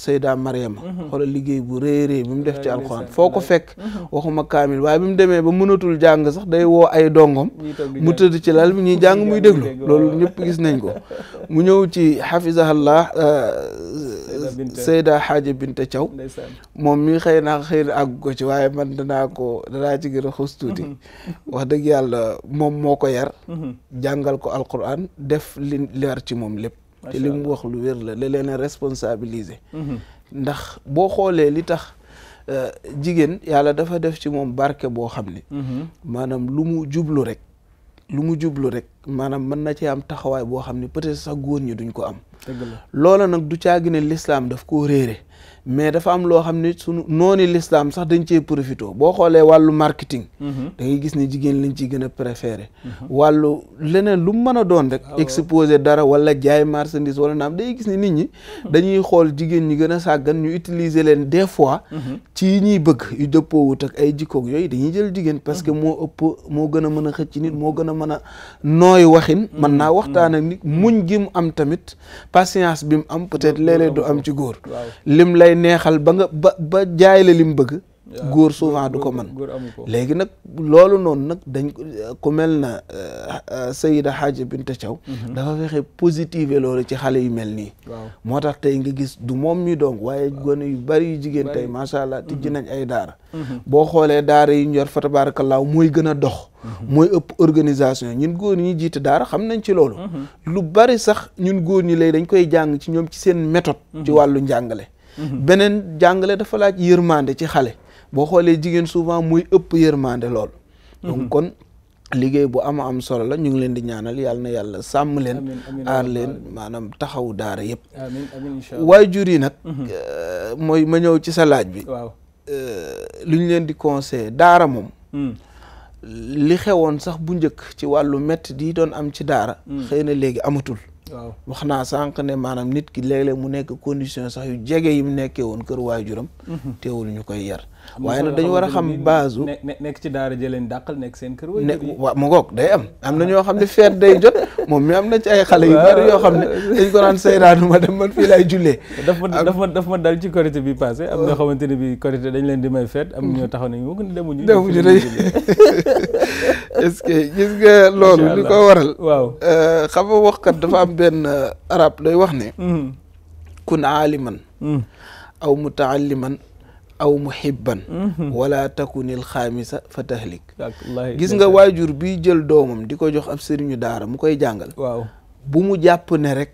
sayda mariama euh, mhm. xoolal liggéey bu réeréy bi def ci alquran foo ko fekk mhm. waxuma kaamil waaye bi mu demee ba mënatul jàng sax day woo ay dongom mu tëdd ci lal bi ñuy jàng muy déglu lool ñëpp gis nañ ko mu ñëw ci xafizahallah sayda xaaja binte thiaw moom mi xëy na xëy na àgg ci waaye man ko danaa ci gën a xuus tuuti mhm. moom moo ko yar Mhm. jàngal ko alquran def li leer ci moom lépp te li mu wax lu wér la la leen a responsabiliser mhm. ndax bo xoolee li tax euh, jigéen yàlla dafa def ci moom barke boo xam ne mhm. maanaam lu mu jublu rek lu mu jublu rek maanaam mën na ci am taxawaay boo xam ne peut-être sax góor ñi duñ ko am loola nag du caagi ne lislaam daf koo réere mais dafa am loo xam ne sunu nooni lislaam sax dañ cee profité boo xoolee wàllu marketing mhm. da ngay gis ni jigéen lañ ciy gën a préféré mhm. wàllu leneen lu mën a doon rek ah, exposé dara wala jaay marchandise wala naam day gis ne nit ñi mhm. dañuy xool jigéen ñi gën a sàggan ñu utiliser leen des fois ci ñuy bëgg yu dëppoowut ak ay jikkoog yooyu dañuy jël jigéen parce que moo ëpp moo gën a mën a xëcc nit moo gën a mën a nooy waxin mën naa waxtaan ak nit muñ gi mu am tamit patience bi mu am peut-être léeg-léeg du am ci góor lim lay neexal ba nga ba jaay la lim bëgg góor souvent du ko mën léegi nag loolu noonu nag dañ ku mel na euh, euh, Sayida Hadj Binta Thiaw mhm. dafa fexe positiver loolu ci xale yu mel nii moo tax tey nga gis du moom mi donc waaye gone yu bari jigéen tey macha allah tijji mhm. nañ ay daara mhm. boo xoolee daara yi ñor fa tabaarakallaahu mooy gën a dox mooy ëpp organisation ñin góor ñi jiit daara xam nañ ci loolu lu bari sax ñun góor ñi lay dañ koy jàng ci ñoom ci seen méthode ci wàllu njàngale beneen jàngale dafa laaj yërmande ci xale boo xoolee jigéen souvent muy ëpp yërmande lool. Mhm. donc kon liggéey bu am am solo la ñu ngi leen di ñaanal yàlla na yàlla sàmm leen. aar leen maanaam taxaw daara yëpp. amiin amiin incha yi nag. Mhm. Euh, mooy ma ñëw ci sa laaj bi. waaw euh, lu ñu leen di conseillé daara moom. Hmm. li xewoon sax bu njëkk ci wàllu métti di doon am ci daara. Hmm. xëy na léegi amatul. waaw wax naa sànq ne maanaam nit ki léeg-léeg mu nekk condition sax yu jege yi mu nekkee woon kër waaye waajuram mhm. teewul ñu koy yar waaye na dañu war a xam base nekk ci daara jëleen dàqal nekk seen kër waajur ne waaw mu ngoog day ah. ñoo xam ne feet day jot moom mi am na ci ay xale yu yoo xam ne dañ ma dem man fii laay jullee daf ma daf ma daf ma dal ci korité bi passé am ñoo ah. xamante ne bi korité dañ leen di may feet am ñoo mm-hmm. taxaw nañu mu ko ne demuñu demuñu est-ce gis nga loolu euh, waxkat dafa am benn euh, arab day wax ne mm-hmm. kun aaliman mm-hmm. aw mutaalliman aw muhibban mm-hmm. wala takunil xaamisa fa gis nga waajur bi jël doomam di ko jox ab sëriñu daara mu koy jàngal waaw bu mu jàpp ne rek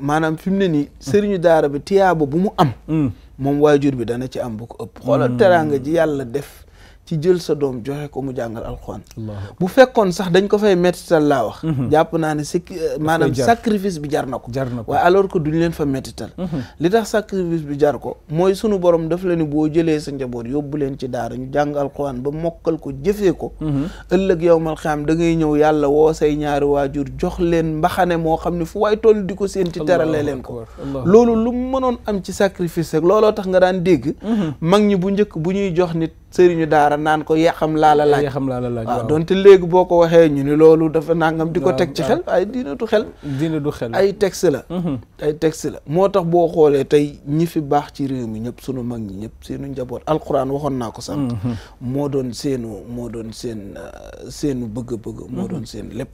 maanaam fi mu ne nii mm. sëriñu daara bi tiyaaba bu mu am mm. moom waajur bi dana ci am bu ko ëpp mm. xoolal teraanga ji yàlla def ci jël sa doom joxe ko mu jàngal alxuraan bu fekkoon sax dañ ko fay mettital laa wax mhm. jàpp naa ne sik euh, maanaam sacrifice bi jar na ko jar na ko waaye alors que duñ leen fa mettital mhm. li tax sacrifice bi jar ko mooy sunu borom daf la ni boo jëlee sa njaboot yóbbu leen ci daara ñu jàng alxuraan ba mokkal ko jëfee ko mhm. ëllëg yow mal xam da ngay ñëw yàlla woo say ñaari waajur jox leen mbaxane moo xam ne fu waay toll di ko seen ci terale leen ko loolu lu mënoon am ci sacrifice rek looloo tax nga daan dégg mag ñi bu njëkk bu ñuy jox nit sëriñu daara naan ko yeexam laala eh, la yeexam laala laaj ah, waaw donte léegi boo ko waxee ñu ni loolu dafa nangam di ko teg ci xel ay diina du xel diina xel ay texte la mhm. ay texte la moo tax boo xoolee tey ñi fi baax ci réew mi ñëpp sunu mag ñi ñëpp seenu njaboot alquran waxoon naa ko sànq mhm. moo doon seenu moo doon seen euh, seenu bëgg-bëgg moo mhm. doon seen lépp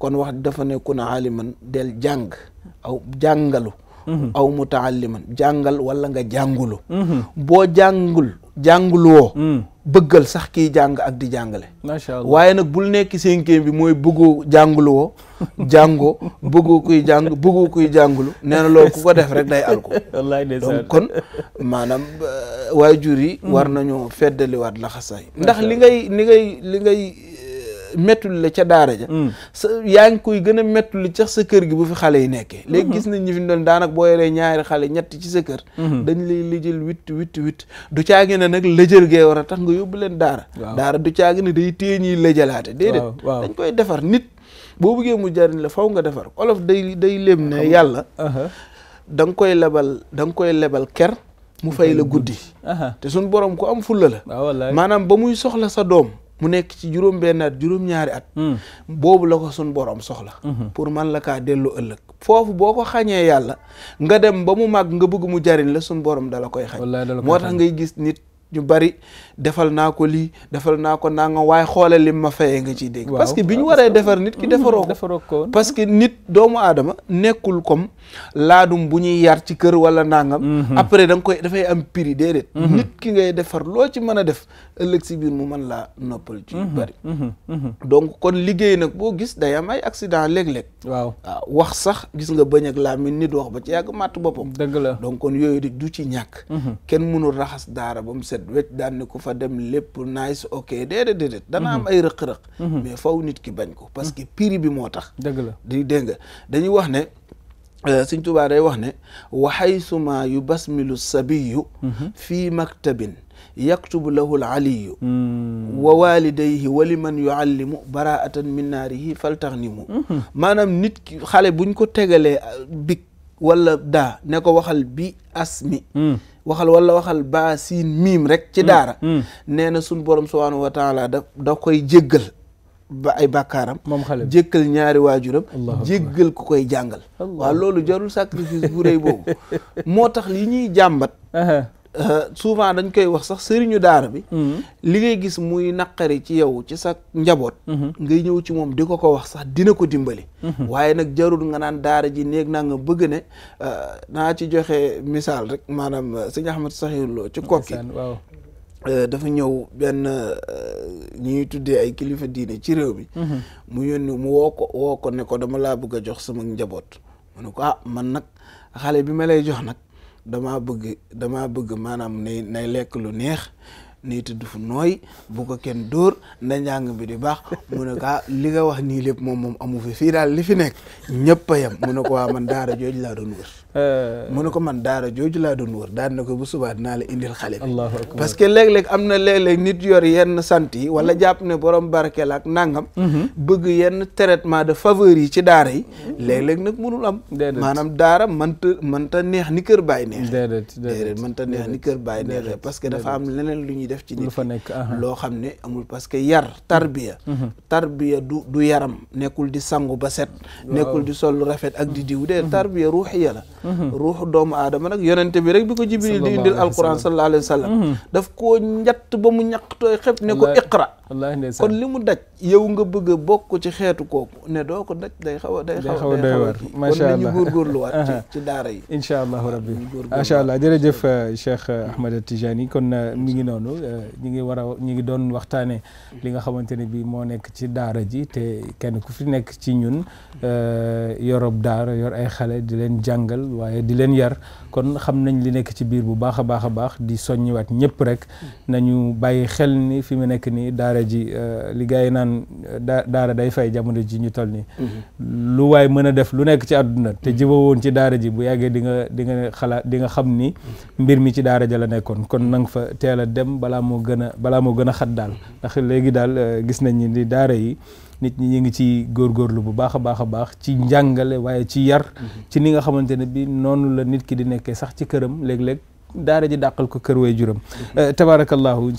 kon wax dafa ne ku na aliman del jàng aw jàngalu Mm-hmm. aw mutaalliman jàngal wala nga jàngulu mm-hmm. boo jàngul jànguluwoo mm. bëggal sax kii jàng ak di jàngale macha allah waaye nag bul nekk cinquième bi mooy bëggoo jànguluwoo jàngoo bëggoo kuy jàng bëggoo kuy jàngulu nee na loolu ku ko def rek day alko donc kon maanaam euh, waajur yi mm-hmm. war nañoo feddaliwaat laxasaay ndax li ngay li ngay méttul la ca daara ja mm. sa yaa ngi koy gën a méttul li sax sa kër gi bu fi xale yi nekkee léegi mm-hmm. gis nañ ñi fi doon daanak boo yoree ñaari xale ñetti ci sa kër mm-hmm. dañ lay lëjël huit huit huit du caagi ne nag lëjël gee war a tax nga yóbbu leen daara daara du caagi ne day téye ñiy lëjalaate déedéet dañ koy defar nit boo bëggee mu jariñ la faw nga defar olof day day léem ne yàlla uh-huh. da nga koy lebal da nga koy lebal ker mu fay la guddi uh-huh. te suñ borom ku am fulla la maanaam ba muy soxla sa doom mu nekk ci juróom-benn at juróom-ñaari at. Hmm. boobu la ko sun borom soxla. Hmm. pour man la kaa dellu ëllëg. foofu boo ko xañee yàlla nga dem ba mu màgg nga bëgg mu jariñ la sun borom dala koy xañ. moo tax ngay gis nit. ñu bari defal naa ko lii defal naa ko naa nga waaye xoole lim ma fayee nga ciy dégg. parce que bi ñu waree defar nit ki defaroo ko. parce que nit doomu aadama nekkul comme laadum bu ñuy yar ci kër wala nangam. Hmm, après da nga koy dafay am prix déedéet. nit ngay defar loo ci mën a def ëllëg si biir mu mën laa noppal ci mhm, bari mhm, mhm. donc kon liggéey nag boo gis day am ay accident léeg-léeg waaw ah, wax sax gis nga bañ laa làmmiñ nit wax ba ci yàgg màtt boppam dëgg la donc kon yooyu di du ci ñàkk kenn mënul raxas daara ba mu set wecc daan ko fa dem lépp nice ok déedéet déedéet dana am ay rëq-rëq mais faw nit ki bañ ko parce que prix bi moo tax dëgg la di dégg nga dañuy wax ne euh, Sëñ Tuubaa day wax ne waxay suma yu bas basmilu sabiyu fii maktabin yaktubu lahu laliyu hmm. wa walidayhi wa liman yuallimu baraatan min naarihi faltaxnimu hmm. maanaam nit ki xale buñ ko tegalee uh, bik walla daa ne ko waxal bi asmi hmm. waxal wala waxal baa siin miim rek ci daara nee na suñ borom subhaanahu wa da koy jéggal ba ay bàkkaaram moom xale jékkal ñaari waajuram jéggal ku koy jàngal waaw loolu jarul sacrifice bu boobu moo tax li ñuy jàmbat Euh, souvent dañ koy wax sax sëriñu daara bi hmm. li ngay gis muy naqari ci yow ci sa njaboot hmm. ngay ñëw ci moom di ko ko wax sax dina ko dimbali hmm. waaye nag jarul nga naan daara ji néeg naa nga bëgg ne euh, naa ci joxe misaal rek maanaam euh, sëñ Ahmad Saxiirloo ci kokki waaw dafa ñëw benn ñuy tuddee ay kilifa diine ci réew mi mu yónni mu ko woo ko ko dama laa bëgg a jox sama njaboot ah man nag xale bi ma lay jox nag dama bëgg dama bëgg maanaam nay nay lekk lu neex nay tëdd fu nooy bu ko kenn dóor na njàng bi di baax mu ne ko ah, li nga wax nii lépp moom moom amu fi fii daal li fi nekk ñëpp yem mu ne ko waa man daara jooju laa doon wër Euh, mu ne ko man daara jooju laa doon wër daan na ko bu subaat naa la indil xale bi parce que léeg am na léeg-léeg nit yor yenn sant yi wala hmm. jàpp ne borom barke la ak nangam hmm. bëgg yenn traitement de faveur yi ci daara yi léeg-léeg nag mënul am maanaam daara mënta mënta neex ni kër baay neex déedéet mënta neex ni kër baay neex parce que dafa am leneen lu ñuy def ci nit uh-huh. loo xam ne amul parce que yar tarbiya hmm. tarbiya du du yaram nekkul di sangu ba set nekkul di sol rafet ak di diw dee tarbiya ruuxiya la ruuxu doomu aadama nag yonente bi rek bi ko jibril di indil alquran sallallahu alayhi wa mm-hmm. daf koo njatt ba mu ñaq tooy xep ne ko iqra wallaahi ndeysaan kon li mu daj yow nga bëgg a bokk ci xeetu kooku ne doo ko daj day xaw a day xaw a ma waar macha allah kon nañu góorgóorluwaat ci ci daara yi incha allahu rabbi macha allah jërëjëf euh, Cheikh Ahmed Tijani kon euh, mi ngi noonu euh, ñi ngi war a ñi ngi doon waxtaane li nga xamante ne bi moo nekk ci daara ji te kenn ku fi nekk ci ñun yorob daara yor ay xale di leen jàngal waaye di leen yar kon xam nañ li nekk ci biir bu baax a baax a baax di soññiwaat ñëpp rek mm. nañu bàyyi xel ni fi mu nekk nii daara daara ji euh, li yi naan euh, daara day fay jamono ji ñu toll nii. Mhm. lu waaye mën a def lu nekk ci àdduna te mhm. jiba woon ci daara ji bu yàggee di nga di nga xalaat di nga xam ni mhm. mbir mi ci daara ja la nekkoon kon nang fa teel a dem balaa moo gën a balaa moo gën a xat daal ndax léegi daal euh, gis nañ ni daara yi nit ñi ñu ngi ci góorgóorlu bu baax a baax a baax ci njàngale waaye ci yar ci ni nga xamante ne bi noonu la nit ki di nekkee sax ci këram léeg-léeg daara ji dàqal ko kër way juram tabarakallahu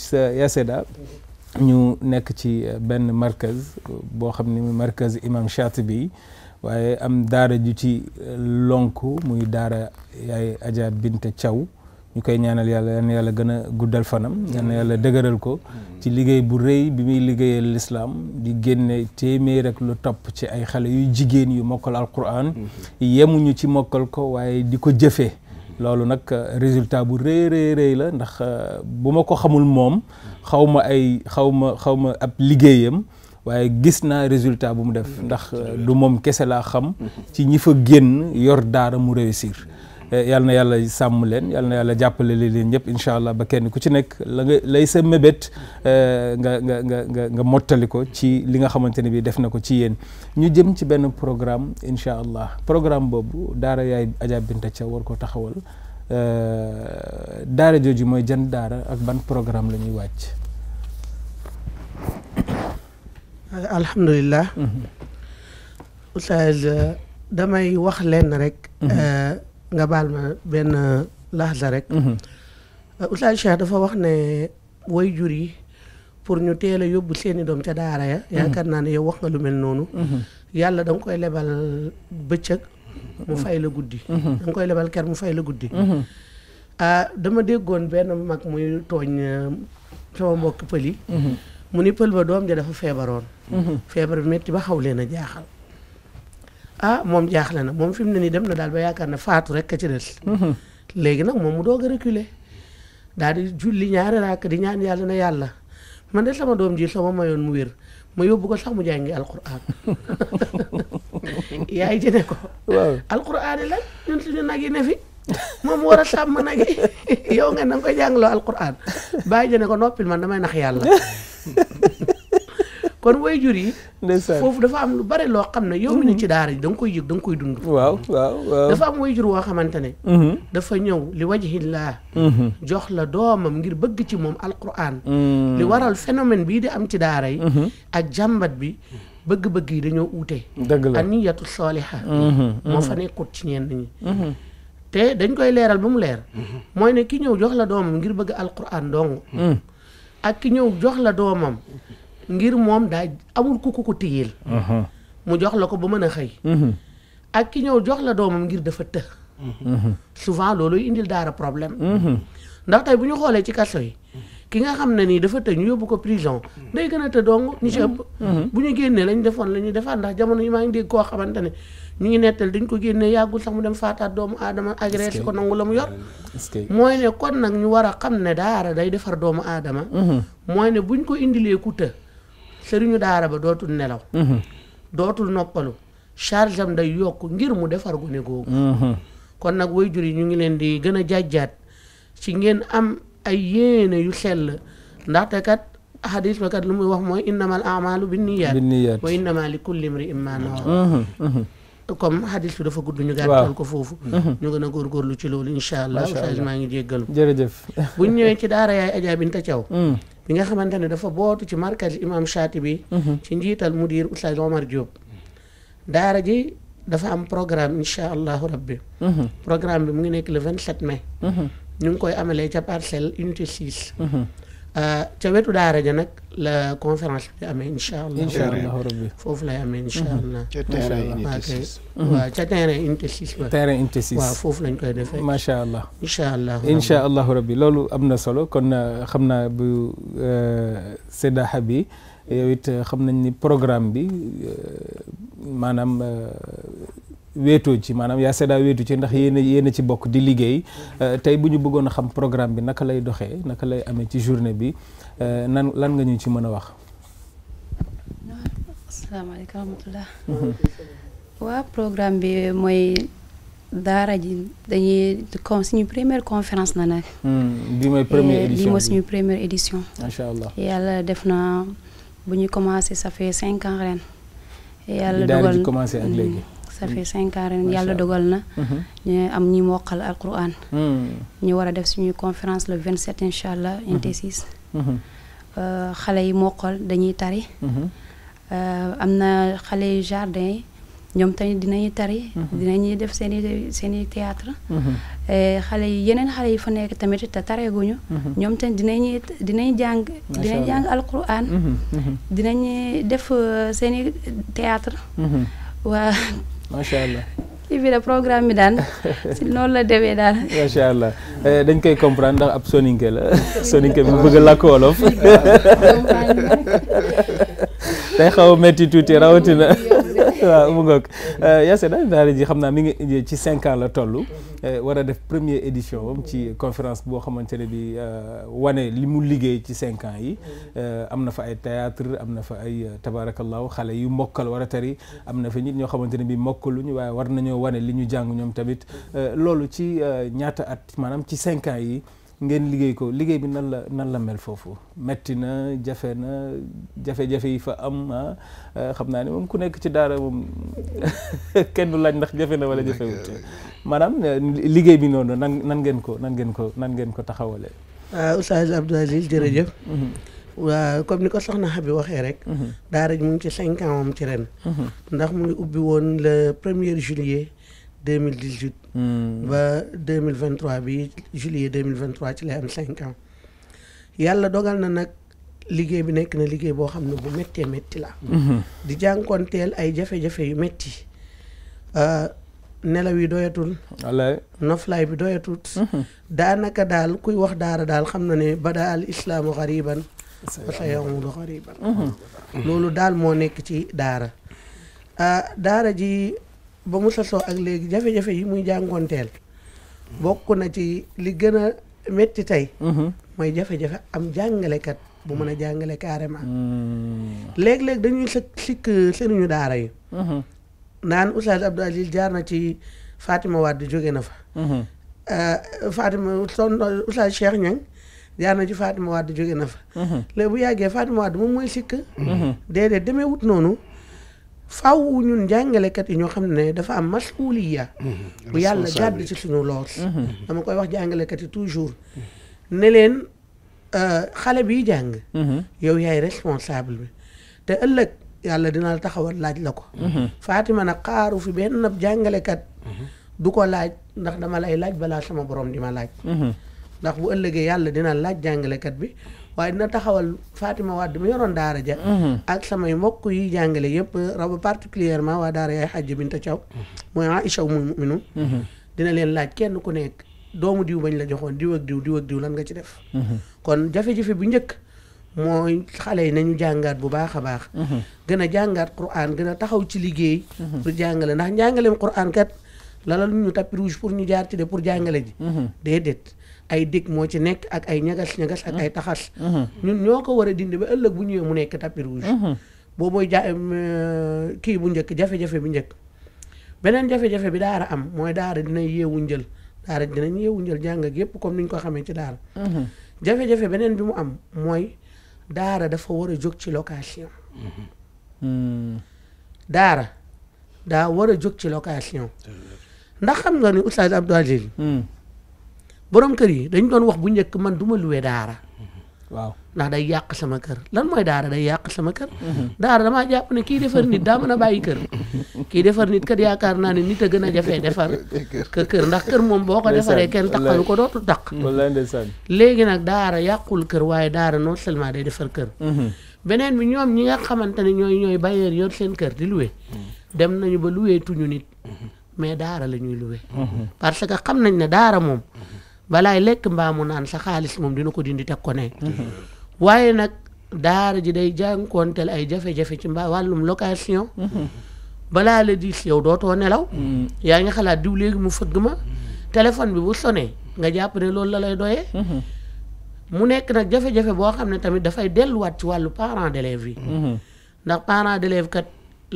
ñu nekk ci euh, benn markaz euh, boo xam ne markaz imam bi waaye am daara ju ci euh, lonk muy daara yaay Adja Binte Thiaw ñu koy ñaanal yàlla yal yàlla gën a guddal fanam yal yàlla dëgëral ko ci liggéey bu rëy bi muy liggéeyee lislaam di génne téeméer lu topp ci ay xale yu jigéen yu mokkal alquran mm-hmm. yemuñu ci mokkal ko waaye di ko jëfee loolu nag euh, résultat bu rëy rëy la ndax euh, bu ma ko xamul moom xaw ma ay xaw ma xaw ma ab liggéeyam waaye gis naa résultat bu mu def ndax euh, du moom kese laa xam ci ñi fa génn yor daara mu réussir Eh, yal yàlla sàmm leen yal na yàlla jàppale leen ñëpp incha allah ba kenn ku ci nekk la nga lay sa mébét eh, nga nga nga nga nga mottali ko ci li nga xamante ne bii def na ko ci yéen ñu jëm ci benn programme incha allah programme boobu Daara yaay Adja Binta Thiaw war ko taxawal eh, Daara jooju mooy jan Daara ak ban programme lañuy ñuy wàcc. Mhm. damay wax leen rekk mhm. nga baal ma benn laxasa rek mhm. euh, Oustaz Cheikh dafa wax ne way jur yi ñu teel a yóbbu seeni doom ca daara ya mhm. yaakaar naa ne yow wax nga lu mel noonu mhm. yàlla da koy lebal bëccëg mu fay la guddi da koy lebal ker mu fay la guddi ah dama déggoon benn mag muy tooñ euh, sama mbokk pël mu ni pël ba doom ja dafa feebaroon feebar bi métti ba xaw leen a jaaxal ah moom jaaxle na moom fi mu ne nii dem na daal ba yaakaar ne faatu rek ka ci des. Mhm. léegi nag moom mu doog a reculer daal di julli ñaari raak di ñaan yàlla na yàlla man de sama doom ji sama mayoon mu wér ma yóbbu ko sax mu jàngi alquran yaay ji ne ko. waaw alquran yi yi ne fi. moom war a sàmm nga na koy jàngaloo alquran bàyyi ji ko noppil man damay nax yàlla. kon waajur yi. foofu dafa am lu bare loo xam ne yow mi ne mhm. ci daara ji koy yëg da nga koy dund. waaw waaw waaw dafa am waajur woo xamante ne. Mhm. dafa ñëw li wajhillah mhm. jox la doomam ngir bëgg ci moom alquran. Mm. li waral phénomène bii di am ci daara yi. ak jàmbat bi. bëgg-bëgg yi dañoo uute. dëgg la aniyatu soliha moo fa nekkut ci ñeen ñi. te dañ koy leeral ba mu leer. mooy ne ki ñëw jox la doomam ngir bëgg alquran dong. ak ki ñëw jox la doomam. ngir moom daa amul ku ko ko téyeel mu jox la ko ba mën a xëy mhm. ak ki ñëw jox la doomam ngir dafa të mhm. souvent looluy indil daara problème mhm. ndax tey bu ñu xoolee ci ka yi ki nga xam ne nii dafa tëj ñu yóbbu ko prison day gën a të dong ñu ci ëpp defoon la ñuy defaat ndax jamono yi maa ngi dégg koo xamante ne ñu ngi nettal dañ ko génnee yàggul sax mu dem faataat doomu aadama agressé ko nangu la mu yor mooy ne kon nag ñu war a ne daara day defar doomu aadama mooy ne buñ sëriñu daara ba dootul nelaw mhm. dootul noppalu charge am day yokk ngir mu defar gune googu mhm. kon nag waajur yi ñu ngi leen di gën a jàjjaat ci ngeen am ay yéene yu sell ndaxte kat xadis ba kat lu muy wax mooy innamal amalu binniyaat wa innama li kulli imri'in ma nawa mhm, comme hadis bi dafa gudd ñu gàttal ko foofu ñu gën a góorgóorlu ci loolu incha allah oustaz maa ngi jéggalu jërëjëf buñ ñëwee ci daara yaay Adja Binta Thiaw mm. bi nga xamante ne dafa bootu ci markaz imam Chatibi mhm. ci njiital mudir Oustaz Omar Diop daara ji dafa am programme incha allahu rabbi mhm. programme bi mu ngi nekk le 27 mai mhm. ñu ngi koy amalee ca parcelle unité 6 Euh, ca wetu daara ja nag la conférence bi amee incha allah. rabbi foofu lay ame incha mhm. allah. ca terrain unité 6. waaw ca terrain unité 6 ba. terrain unité foofu lañ koy defee. macha allah incha allah. incha allah rabbi loolu am na solo kon euh, xam naa bu euh, Seda Habi yow it xam nañ ni programme bi maanaam. wéetoo ci maanaam yaa seddaa wéetu ci ndax yéen a yéen a ci bokk di liggéey mm-hmm. euh, tey bu ñu bëggoon a xam programme bi naka lay doxee naka lay amee ci journée bi euh, nan lan nga ñu ci mën a wax. asalaamaaleykum wa rahmatulah. Mm-hmm. programme bi mooy daara ji dañuy comme suñu première conférence na nag. Mm, bi mooy première édition suñu première édition. macha yàlla def naa bu ñu commencé ça fait cinq ans ren. yàlla dogal commencé léegi. ça fait mm. cinq ans yàlla dogal na. Mm-hmm. ñu am ñi mokkal alquran. Mm. ñu war a def suñuy conférence le vingt 27 incha allah. unité mm-hmm. 6. Mm-hmm. Euh, xale yi moqal dañuy tari. Euh, am na xale yu jardin yi ñoom tamit dinañu tari. ñuy def seen i seen i théâtre. Euh, xale yi yeneen xale yi fa nekk tamit te tareeguñu. ñoom tamit dinañuy dinañ jàng. dinañ jàng alquran. dinañuy def seen i théâtre. waa macha allah. kii bi programme bi daan si noonu la demee daal. macha allah eh, dañ koy comprendre ndax ab soninke la soninke bi bëgg làkk wolof. day xaw a métti tuuti rawatina. waaw mu ngoog euh, Yacine daara ji xam naa mi ngi ci cinq ans la toll euh, war a def premier édition ci conférence boo xamante ne bi euh, wane li mu liggéey ci cinq ans yi am na fa ay théâtre am na fa ay tabaarakallaahu xale yu mokkal war a tari am na fa nit ñoo xamante ne bi mokkaluñu waaye war nañoo wane li ñu jàng ñoom tamit loolu ci ñaata at maanaam ci cinq ans yi ngeen liggéey ko liggéey bi nan la nan la mel foofu metti na jafe na jafe-jafe yi fa am ah, ah, xam naa ne moom ku nekk ci daara moom kenn du laaj ndax jafe na wala jafe wut maanaam eh, liggéey bi noonu nan nan ngeen ko nan ngeen ko nan ngeen ko taxawalee. waaw ah, Oustaz Abdou Aziz jërëjëf. Mm-hmm. waaw comme ni ko soxna Habi waxee rek. Mm-hmm. daara ji mu ngi ci cinq ans ci ren. Mm-hmm. ndax mu ngi ubbi woon le premier juillet. deux mille dix huit hmm. ba deux mille vingt trois bi juillet mille vingt trois ci lay am cinq ans yàlla dogal na nag liggéey bi nekk na liggéey boo xam ne bu méttee métti la hmm. di jànkoonteel ay jafe-jafe yu métti euh, nelaw yi doyatul noflaay bi doyatul doyatut hmm. daanaka daal kuy wax daara daal xam na ne bada al islaamu xariban wa sayamudu xariban loolu daal moo nekk ci daara euh, daara ji ba mu sosoo ak léegi jafe-jafe yi muy jàngoonteel bokk na ci li gën a métti tey mhm. mooy jafe-jafe am jàngalekat bu mën a jàngale carrément mm. léeg-léeg dañuy së sikk sëriñu daara yi mhm. naan Oustaz Abdou jaar na ci Fatima Wade jóge na fa mhm. euh, Fatima son Oustaz Cheikh Niang na ci Fatima Wade jóge na fa léegi bu yàggee wut noonu faaw ñun jàngalekat yi ñoo xam ne dafa am masuuliya mm-hmm. bu yàlla jàdd ci suñu loor mm-hmm. dama koy wax jàngalekat yi toujours ne leen euh, xale bi jàng mm-hmm. yow yaay responsable bi te ëllëg yàlla dina la taxawal laaj la ko ma nag xaaru fi benn jàngalekat du ko laaj ndax dama lay laaj balaa sama borom di ma laaj ndax bu ëllëgee yàlla dina laaj jàngalekat bi waaye dina taxawal Fatima Wade mu yoroon daara ja mhm. ak samay mbokk yi jàngale yëpp rabu particulièrement waa daara yaay xajja Binta Thiaw mhm. mooy Aïcha mu minu mhm. dina leen laaj kenn ku nekk doomu diw bañ la joxoon diw ak diw diw diw lan nga ci def kon jafe-jafe bu njëkk mooy xale yi nañu jàngaat bu baax a baax gën a jàngaat Qur'an gën a taxaw ci liggéey pour jàngale ndax njàngaleem Qur'an kat lalal ñu tapis rouge pour ñu jaar ci de pour jàngale ji déedéet ay dig moo ci nekk ak ay ñagas-ñagas ak ay mm-hmm. taxas mm-hmm. ñun ñoo ko war a dindi ba ëllëg bu ñëwee mu nekk tapis rouge mm-hmm. boobu mooy ja euh, kii bu njëkk jafe-jafe bu njëkk beneen jafe-jafe bi daara am mooy daara dina yeewu njël daara dinañ yeewu njël jàng ak yépp comme ni ñu ko xamee ci daara jafe-jafe beneen bi mu am mooy daara dafa war a jóg ci location daara daa war a jóg ci location ndax xam nga ni Oustaz Abdou Aziz mm. borom kër yi dañ doon wax bu njëkk man du ma luwee daara. Mm-hmm. waaw ndax day yàq sama kër lan mooy daara day yàq sama kër. Mm-hmm. daara damaa jàpp ne kii defar nit daa mën na bàyyi kër. kii defar nit kat yaakaar naa ne nit a gën a jafee defar. kër kër ndax kër moom boo ko defaree kenn taqalu ko dootul taq. Mm-hmm. léegi nag daara yàqul kër waaye daara non seulement day defar kër. beneen bi ñoom ñi nga xamante ne ñooy ñooy bailleur yor seen kër di luwe. dem nañu ba luwe tuñu nit. mais daara la ñuy luwe. parce que xam nañ ne daara moom. balaay lekk mbaa mu naan sa xaalis moom dina ko dindi teg ko ne waaye nag daara ji day jànkoonteel ay jafe-jafe ci mbaa wàllum location balaa la diis yow dootoo nelaw yaa ngi xalaat diw mu fëgg ma téléphone bi bu sonee nga jàpp ne loolu la lay doyee mu nekk nag jafe-jafe boo xam ne tamit dafay delluwaat ci wàllu parents d'élèves yi mhm. ndax parents d'élèves kat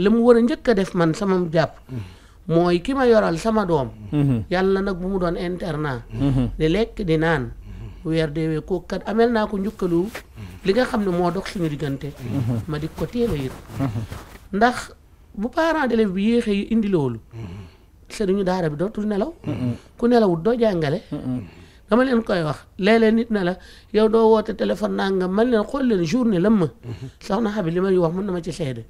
li mu war a njëkk a def man sama jàpp mooy ki ma yoral sama doom mhm. yàlla nag bu mu doon internat mhm. di lekk di naan mhm. weer deewee kooku kat amel naa ko njukkalu li nga xam ne moo dox suñu diggante ma di ko teel ndax bu parent d'élève bi yéexee indi loolu sëriñu daara bi dootul nelaw ku nelawut doo jàngale dama leen koy wax léeg nit na la yow doo woote téléphone naa nga man leen xool leen journée lan ma soxna Habi li may mun na ma ci seede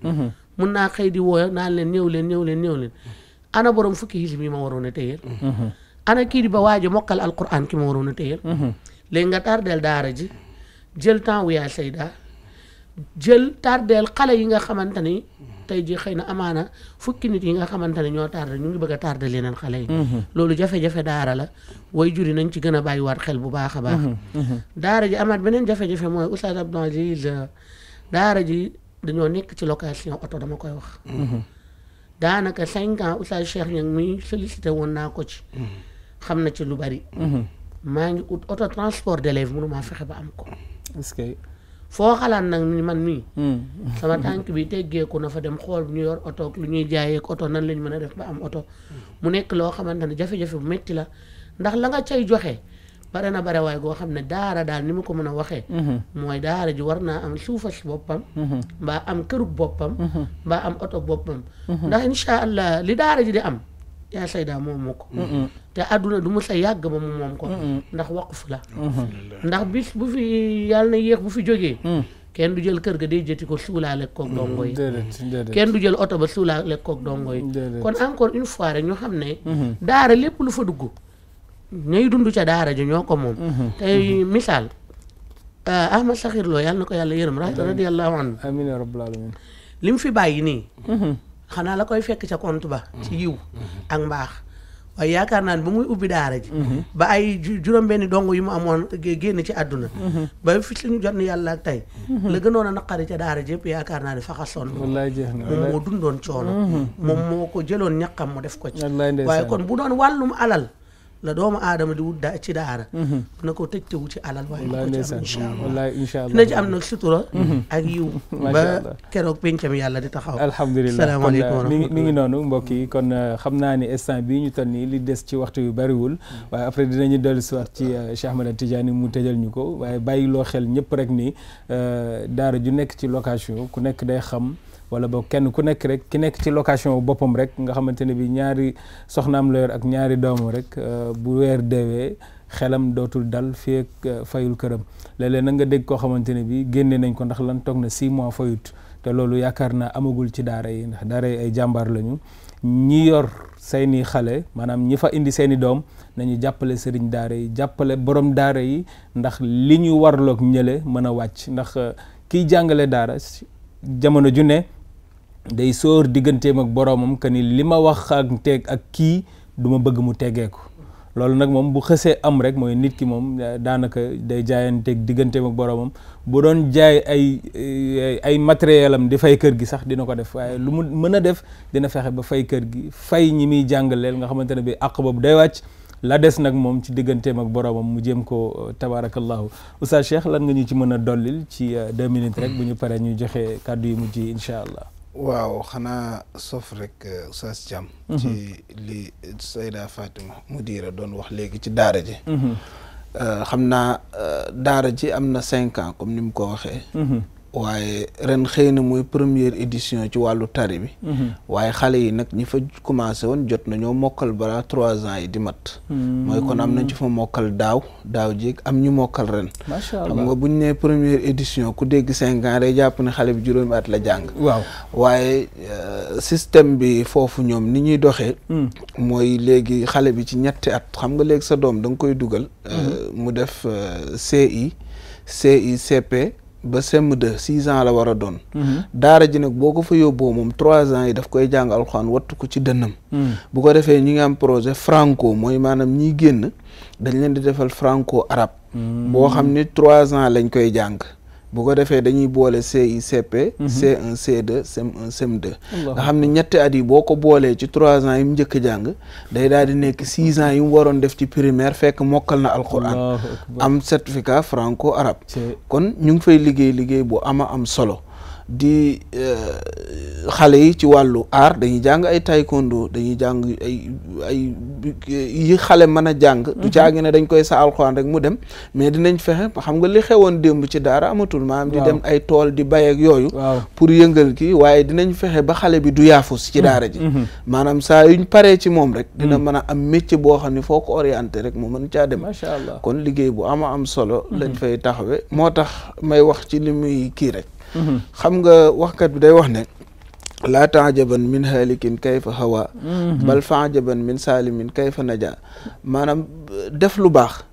mun naa xëy di naan leen ñëw leen ana borom fukki xisib yi ma waroon a téyeel ana kii di ba waajo mokkal alquran ki ma waroona a téyeel léegi nga tardeel daara ji jël temps wu yaa sayda jël tardeel xale yi nga xamante ni tey ji xëy na amaana fukki nit yi nga xamante ne ñoo tardé ñu ngi bëgg a tardé leneen xale yi loolu jafe-jafe daara la way juri nañ ci gën a bàyyiwaat xel bu baax a baax daara ji amaat beneen jafe-jafe mooy Oustaz Abdou Aziz daara ji dañoo nekk ci location oto dama koy wax daanaka cinq ans oustaz Cheikh Niang muy sollicité woon naa ko ci xam na ci lu bari maa ngi ut auto transport d'élèves mënumaa fexe ba am ko foo xalaat nag ni man mii hmm. sama tànk bi teggeeku na fa dem xool ñu yor oto lu ñuy jaayee ak oto nan lañ mën a def ba am oto mu nekk loo xamante ne jafe-jafe bu métti la ndax la nga cay joxe bare na bare waay goo xam ne daara daal ni ma ko mën a waxee mhm. mooy daara ji war naa am suufas boppam mhm. mbaa am kërug boppam mhm. mbaa am oto boppam ndax insha allah li daara ji di am yaa da moom moo ko te àdduna du mu sa yàgg ba mu moom ko ndax waqf la ndax bis bu fi yàlla na yéex bu fi jógee kenn du jël kër ga day jëti ko suulaale koog dongo yi kenn du jël oto ba suulaale koog dongo yi kon encore une fois ñu xam ne daara lépp lu fa dugg ñay dund ca daara ji ñoo ko moom mhm. tey misaal euh, Ahmad Sakhir Lo yàlla na ko yàlla yërëm ra radiyallahu anhu amiin ya rabbal alamin li mu fi ba nii mhm. xanaa la koy fekk ca compte ba ci mhm. yiw ak mbaax waaye yaakaar naa ne ba muy ubbi daara ji ba ay juróom-benni dong yu mu amoon génn ci àdduna ba fi suñu jot ni yàlla ak tey la gënoon a naqari ca daara ji yëpp yaakaar naa ne faxasoon moom moo dundoon coono moom moo ko jëloon ñaqam mo def ko ci waaye kon bu doon wàllum alal la doomu aadama di wut da ci daara mhm. na ko tëj te wu ci alal waaye wallahi insha Allah dina ci am nag sutura mhm. ak yiw ba keroog pencam yàlla di taxaw alhamdulilah salaamaaleykum mi uh, mi ngi noonu mbokk yi kon uh, xam naa ni instant bii ñu toll nii li des ci waxtu yu bariwul mm. waaye après dinañu dellu si wax ci uh, Cheikh Ahmed Tidiane mu tëjal ñu ko waaye bàyyi loo xel ñëpp rek ni daara ju nekk ci location ku nekk day xam wala boog kenn ku nekk rek ki nekk ci location boppam rek nga xamante ne bi ñaari soxnaam la yor ak ñaari doomu rek euh, bu weer deewee xelam dootul dal fii euh, fayul këram léeg-léeg na nga dégg koo xamante ne bi génne nañ ko ndax lan toog na six mois fayut te loolu yaakaar naa amagul ci daara yi ndax daara yi ay jàmbaar lañu ñi yor seeni xale maanaam ñi fa indi seeni doom nañu jàppale sëriñ daara yi jàppale borom daara yi ndax li ñu warloog ñële mën a wàcc ndax euh, kiy jàngale daara jamono ju ne day sóor digganteem ak boroomam que li ma wax ak teeg ak kii du ma bëgg mu teggeeku loolu nag moom bu xësee am rek mooy nit ki moom eh, daanaka day jaayanteeg digganteem ak boroomam bu doon jaay ay eh, ay matériel am di fay kër gi sax dina ko def waaye lu mu mën a def dina fexe ba fay kër gi fay ñi muy jàngaleel nga xamante ne bi àq boobu day wàcc la des nag moom ci digganteem ak boroomam mu ko koo eh, tabaarakallahu Oustaz Cheikh lan nga ñu ci mën a dollil ci deux minutes rek bu ñu paree ñu joxe kàddu yi incha allah waaw xanaa sof rek euh, Oustaz Thiam mhm. ci li Sayda Fatima Mudira doon wax léegi ci daara ji mhm. euh, xam naa euh, daara ji am na cinq comme ni ko waxee mhm. waaye ren xëy na mooy première édition ci wàllu tari bi mhm. waaye xale yi nag ñi fa commencé woon jot nañoo mokkal balaa trois ans yi di mat mhm. mooy kon am nañ ci fa mokkal daaw daaw jéeg am ñu mokkal ren macha allah xam nga buñ nee première édition ku dégg cinq ans day jàpp ne xale bi juróomi at la jàng waaw waaye euh, système bi foofu ñoom ni ñuy doxee mm. mooy léegi xale bi ci ñetti at xam nga léegi sa doom da nga koy dugal mm-hmm. euh, mu def euh, CI CI CP ba CM2 six ans la war a doon. Mhm. daara ji nag boo ko fa boo moom trois ans yi daf koy jàng alxuraan wattu ko ci dënnam. Mhm. bu ko defee ñi ngi am projet franco mooy maanaam ñiy génn dañ leen di defal franco arab mhm. boo xam ni trois ans lañ koy jàng. bu ko defee dañuy boole CI CP C1 C2 CM1 nga xam ne ñetti at yi boo ko boolee ci trois ans yi mu njëkk jàng day daal di nekk six ans yi mu waroon def ci primaire fekk mokkal na alquran am certificat franco arabe kon ñu ngi fay liggéey liggéey bu ama am solo di eh, xale yi ci wàllu aar dañuy jàng ay taekwondo dañuy jàng ay ay yi xale mën a jàng du mhm. caagi ne dañ koy sa alxuraan rek mu dem mais dinañ fexe xam nga li xewoon démb ci daara amatul maanaam di dem ay tool di bay yooyu pour yëngal ki waaye dinañ fexe ba xale bi du yaafus ci mhm. daara ji mhm. maanaam saa yuñ paree ci moom rek dina mën a am métier boo xam ne foo ko orienté rek mu mën caa dem macha allah kon liggéey bu ama am solo lañ fay taxawe moo tax may wax ci li muy kii rek xam nga waxkat bi day wax ne laa taajaban min haalikin kayfa hawa bal faajaban min saalimin kayfa naja maanaam def lu baax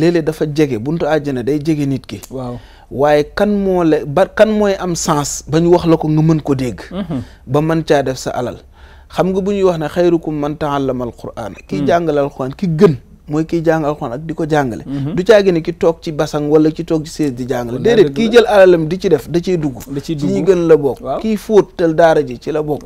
léeg dafa jege buntu àjjana day jege nit ki waaw waaye kan moo la ba kan mooy am sens ba ñu wax la ko nga mën ko dégg mhm. ba mën caa def sa alal xam nga bu ñuy wax ne xayrukum man taallama alquran kii mm. jàngale alquran ki gën mooy kiy jàng alxuraan ak di ko jàngale mhm. du caagi ne ki toog ci basang wala ki toog ci sées di jàngale déedéet kii jël alalam di ci def da ciy dugg ci ñi gën la bokk kii fóotal daara ji ci la bokk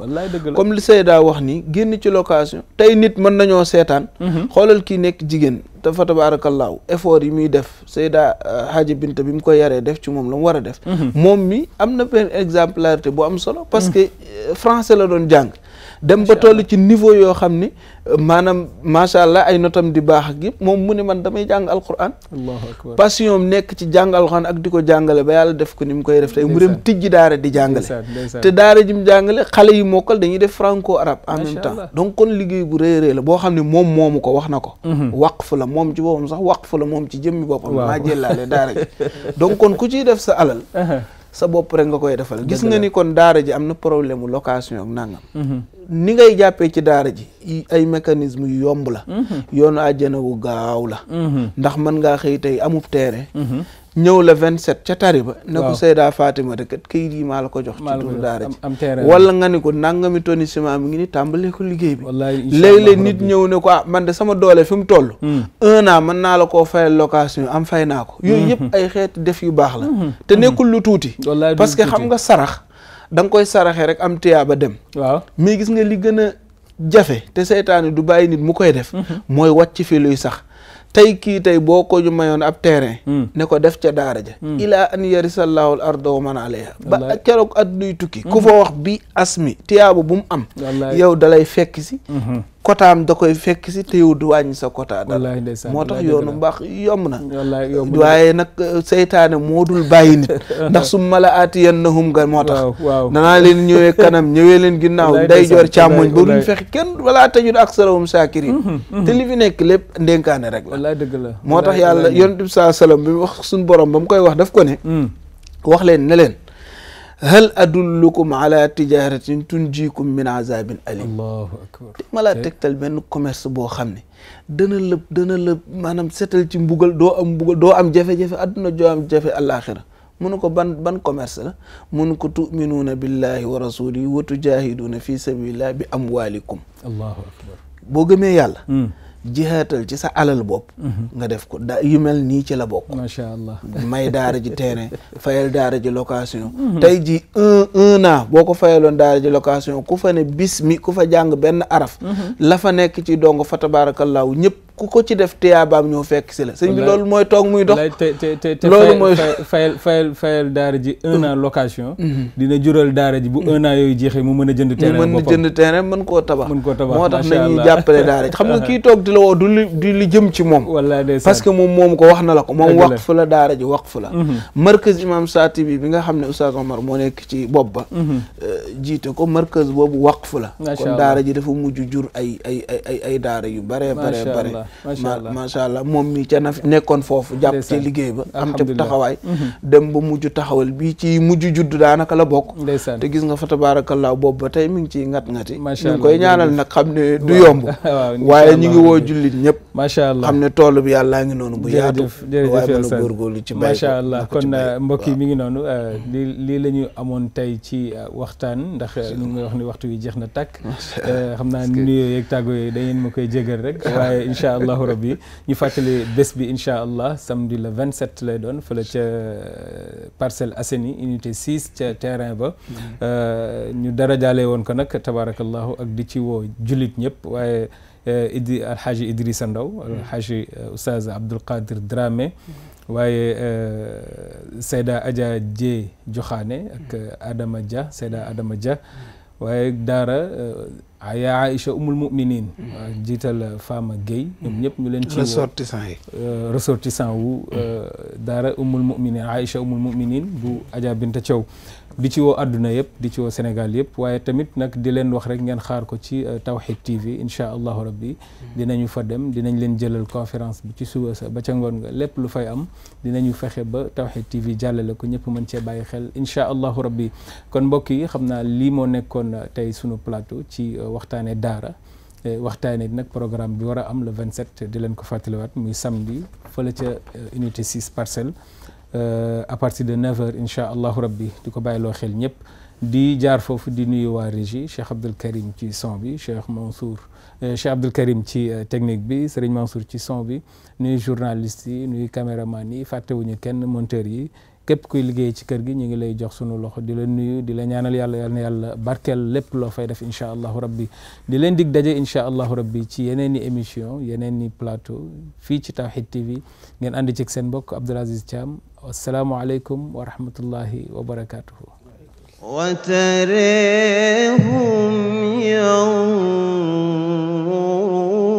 comme li wax ni génn ci location tey nit mën nañoo seetaan mhm. xoolal kii nekk jigéen te fa tabaarakallaahu effort yi muy def Seyda euh, Hadji Binta bi mu ko yaree def ci moom la mu war a def mhm. moom mi am na benn exemplarité bu am solo parce que euh, français la doon jàng dem ba toll ci niveau yoo xam ni maanaam macha allah ay notam di baax ak moom mu ne man damay jàng alquran allahu akbar passion nekk ci jàng alquran ak di ko jàngale ba yàlla def ko ni mu koy def tey mu dem tijji daara di jàngale te daara ji mu jàngale xale yi mokkal dañuy def franco arabe en même don kon liggéey bu rëy rëy la boo xam ne moom moomu ko wax na ko mhm. waqf la moom ci boppam sax waqf la moom ci jëmmi boppam maa jëllaale daara ji donc kon ku ciy def sa alal sa bopp rek nga koy defal gis nga ni kon daara ji am na problème mu location ak mhm. ni ngay jàppee ci daara ji ay mécanisme yu yomb la mhm. yoonu àjjana wu gaaw la mhm. ndax man ngaa xëy tey amub teere ñëw la 27 ca tari ba ne ko Seyda Fatima de kat kayit yi maa la ko jox ci turu daara ji wala nga ni ko nangami tonni ciment mi ngi ni tàmbalee ko liggéey bi léeg-léeg nit ñëw ne ko ah man de sama doole fi mu toll hmm. naa an mën naa la koo fay location am fay naa ko yooyu hmm. yëpp ay xeeti def yu baax la hmm. te nekkul lu tuuti parce que xam nga sarax danga koy saraxee rek am tiyaa ba dem waaw mais gis nga li gën a jafe te seytaane du bàyyi nit mu koy def mooy wàcc fi luy sax tey kii tey boo ko ñu mayoon ab terrain. Hmm. ne ko def ca daara ja. Hmm. ilaa an yarisallahu al arda wa man alayha ba keroog at nuy tukki. ku hmm. fa wax bi asmi tiyaabu bu mu am. yow dalay fekk si. kotaam da koy fekk si te yow du wàññi sa kota dara moo tax yoonu mbaax yomb na waaye nag euh, seytaane moo dul bàyyi nit ndax su ma la aati yan na hum nga moo tax danaa leen ñëwee kanam ñëwee leen ginnaaw day joor càmmoñ ba duñ fexe kenn walaa tajud aksarahum saakirin mm-hmm, mm-hmm. te li fi nekk lépp ndénkaane rek la moo tax yàlla yonent bi saa salaam bi wax suñu borom ba mu koy wax def ko ne mm. wax leen ne leen hal adullukum ala tijaratin tunjikum min azabin alim allahu akbar te ma laa tegtal benn commerce boo xam ne dana la dana la maanaam setal ci mbugal doo am mbugal doo am jafe-jafe adduna joo am jafe alaxira munu ko ban ban commerce la munu ko tuminuuna billahi wa rasulihi wa tujahiduuna fi sabilillah bi amwalikum allahu akbar boo gëmee yàlla hmm. jihaatal ci sa alal bopp. Mhm. nga def ko da yu mel nii ci la bokk. macha allah may daara ji terrain fayal daara ji location. Mhm. tey ji un un boo ko fayaloon daara ji location ku fa ne bis mi ku fa jàng benn araf. Mhm. la fa nekk ci dong fa tabaarakallaahu ñëpp ku ko ci def tiyaabaam ñoo fekk si la. sëñ bi loolu mooy toog muy dox. loolu mooy fayal fayal fayal daara ji un an location. dina jural daara ji bu un an yooyu jeexee mu mën a jënd terrain. mu mën a jënd terrain koo tabax. moo tax nañuy jàppale daara ji xam nga kii la woo du li du li jëm ci moom parce que moom moom ko wax na la ko moom waqf la daara ji waqf la mhm. markaz imam saati bi bi nga xam ne oustaz Omar moo nekk ci bopp ba mhm. euh, jiite ko markaz boobu waqf la kon daara ji dafa mujj jur ay ay ay ay daara yu bare bare bare allah moom mi ca na nekkoon foofu jàpp ci liggéey ba am ca taxawaay mhm. dem ba mujj taxawal bii ci mujj judd daanaka la bokk te gis nga fa tabaarakallaa boobu ba tey mi ngat ngati ñu koy ñaanal nag xam ne du jullit ñëpp macha allah xam ne toolu bi yàllaa ngi noonu bu yaatu waaye mën macha allah kon euh, mbokk yi mi ngi noonu euh, li lii la ñu amoon tey ci euh, waxtaan ndax ñu ngi wax ni waxtu wi jeex na tàkk xam naa nuyoo tàggo yooyu da ma koy jégal rek waaye incha allahu rabbi ñu fàttali bés bi incha allah samedi le 27 lay doon fële ca Parcelles Assainies unité 6 ca terrain ba mm-hmm. ñu dara jaale woon ko nag tabarakallahu ak di ci woo jullit ñëpp waaye Eh, idi alxaaji Idrissa Ndaw alxaaji eh, oustaz Abdul Qadir Dramé waaye eh, Seyda Adja Dié Joxaane Adama Dia Seyda Adama Dia waaye daara yaa Aïcha umul muminin jiital Fama Gueye ñoom ñëpp ñu leen ci ressortissant yi ressortissant wu daara umul muminin Aïcha bu Adja Binta Thiaw di ci woo àdduna yëpp di ci woo Sénégal yëpp waaye tamit nag di leen wax rek ngeen xaar ko ci euh, Tawhid TV incha allahu rabbi mm-hmm. dinañu fa dem dinañ leen jëlal conférence bi ci suba sax ba ca ngoon nga lépp lu fay am dina ñu fexe ba Tawhid TV jàllale ko ñëpp mën cee bàyyi xel incha allahu rabbi kon mbokk yi xam naa lii moo nekkoon euh, tey suñu plateau ci euh, waxtaane daara waxtaanee nag programme bi war a am le 27 di leen ko fàttaliwaat muy samedi fële ca unité 6 parcelle Euh, à partir de 9h incha allahu rabbi di ko bàyyiloo xel ñëpp di jaar foofu di nuyu waa régie Cheikh Abdoul Karim ci son bi Cheikh Mansour euh, Cheikh Abdoul Karim ci euh, technique bi Serigne Mansour ci son bi nuyu journaliste yi nuyu caméraman yi fàttewuñu kenn monteur yi. képp kuy liggéey ci kër gi ñu ngi lay jox sunu loxo di la nuyu di la ñaanal yàlla yal na yàlla barkeel lépp loo fay def incha allahu rabbi di leen dig daje incha allahu rabbi ci yeneen i émission yeneen i plateau fii ci Tawhid TV ngeen ànd ci seen mbokk Abdoul Aziz Thiam asalaamualeykum wa rahmatullahi wa barakatuhu وتريهم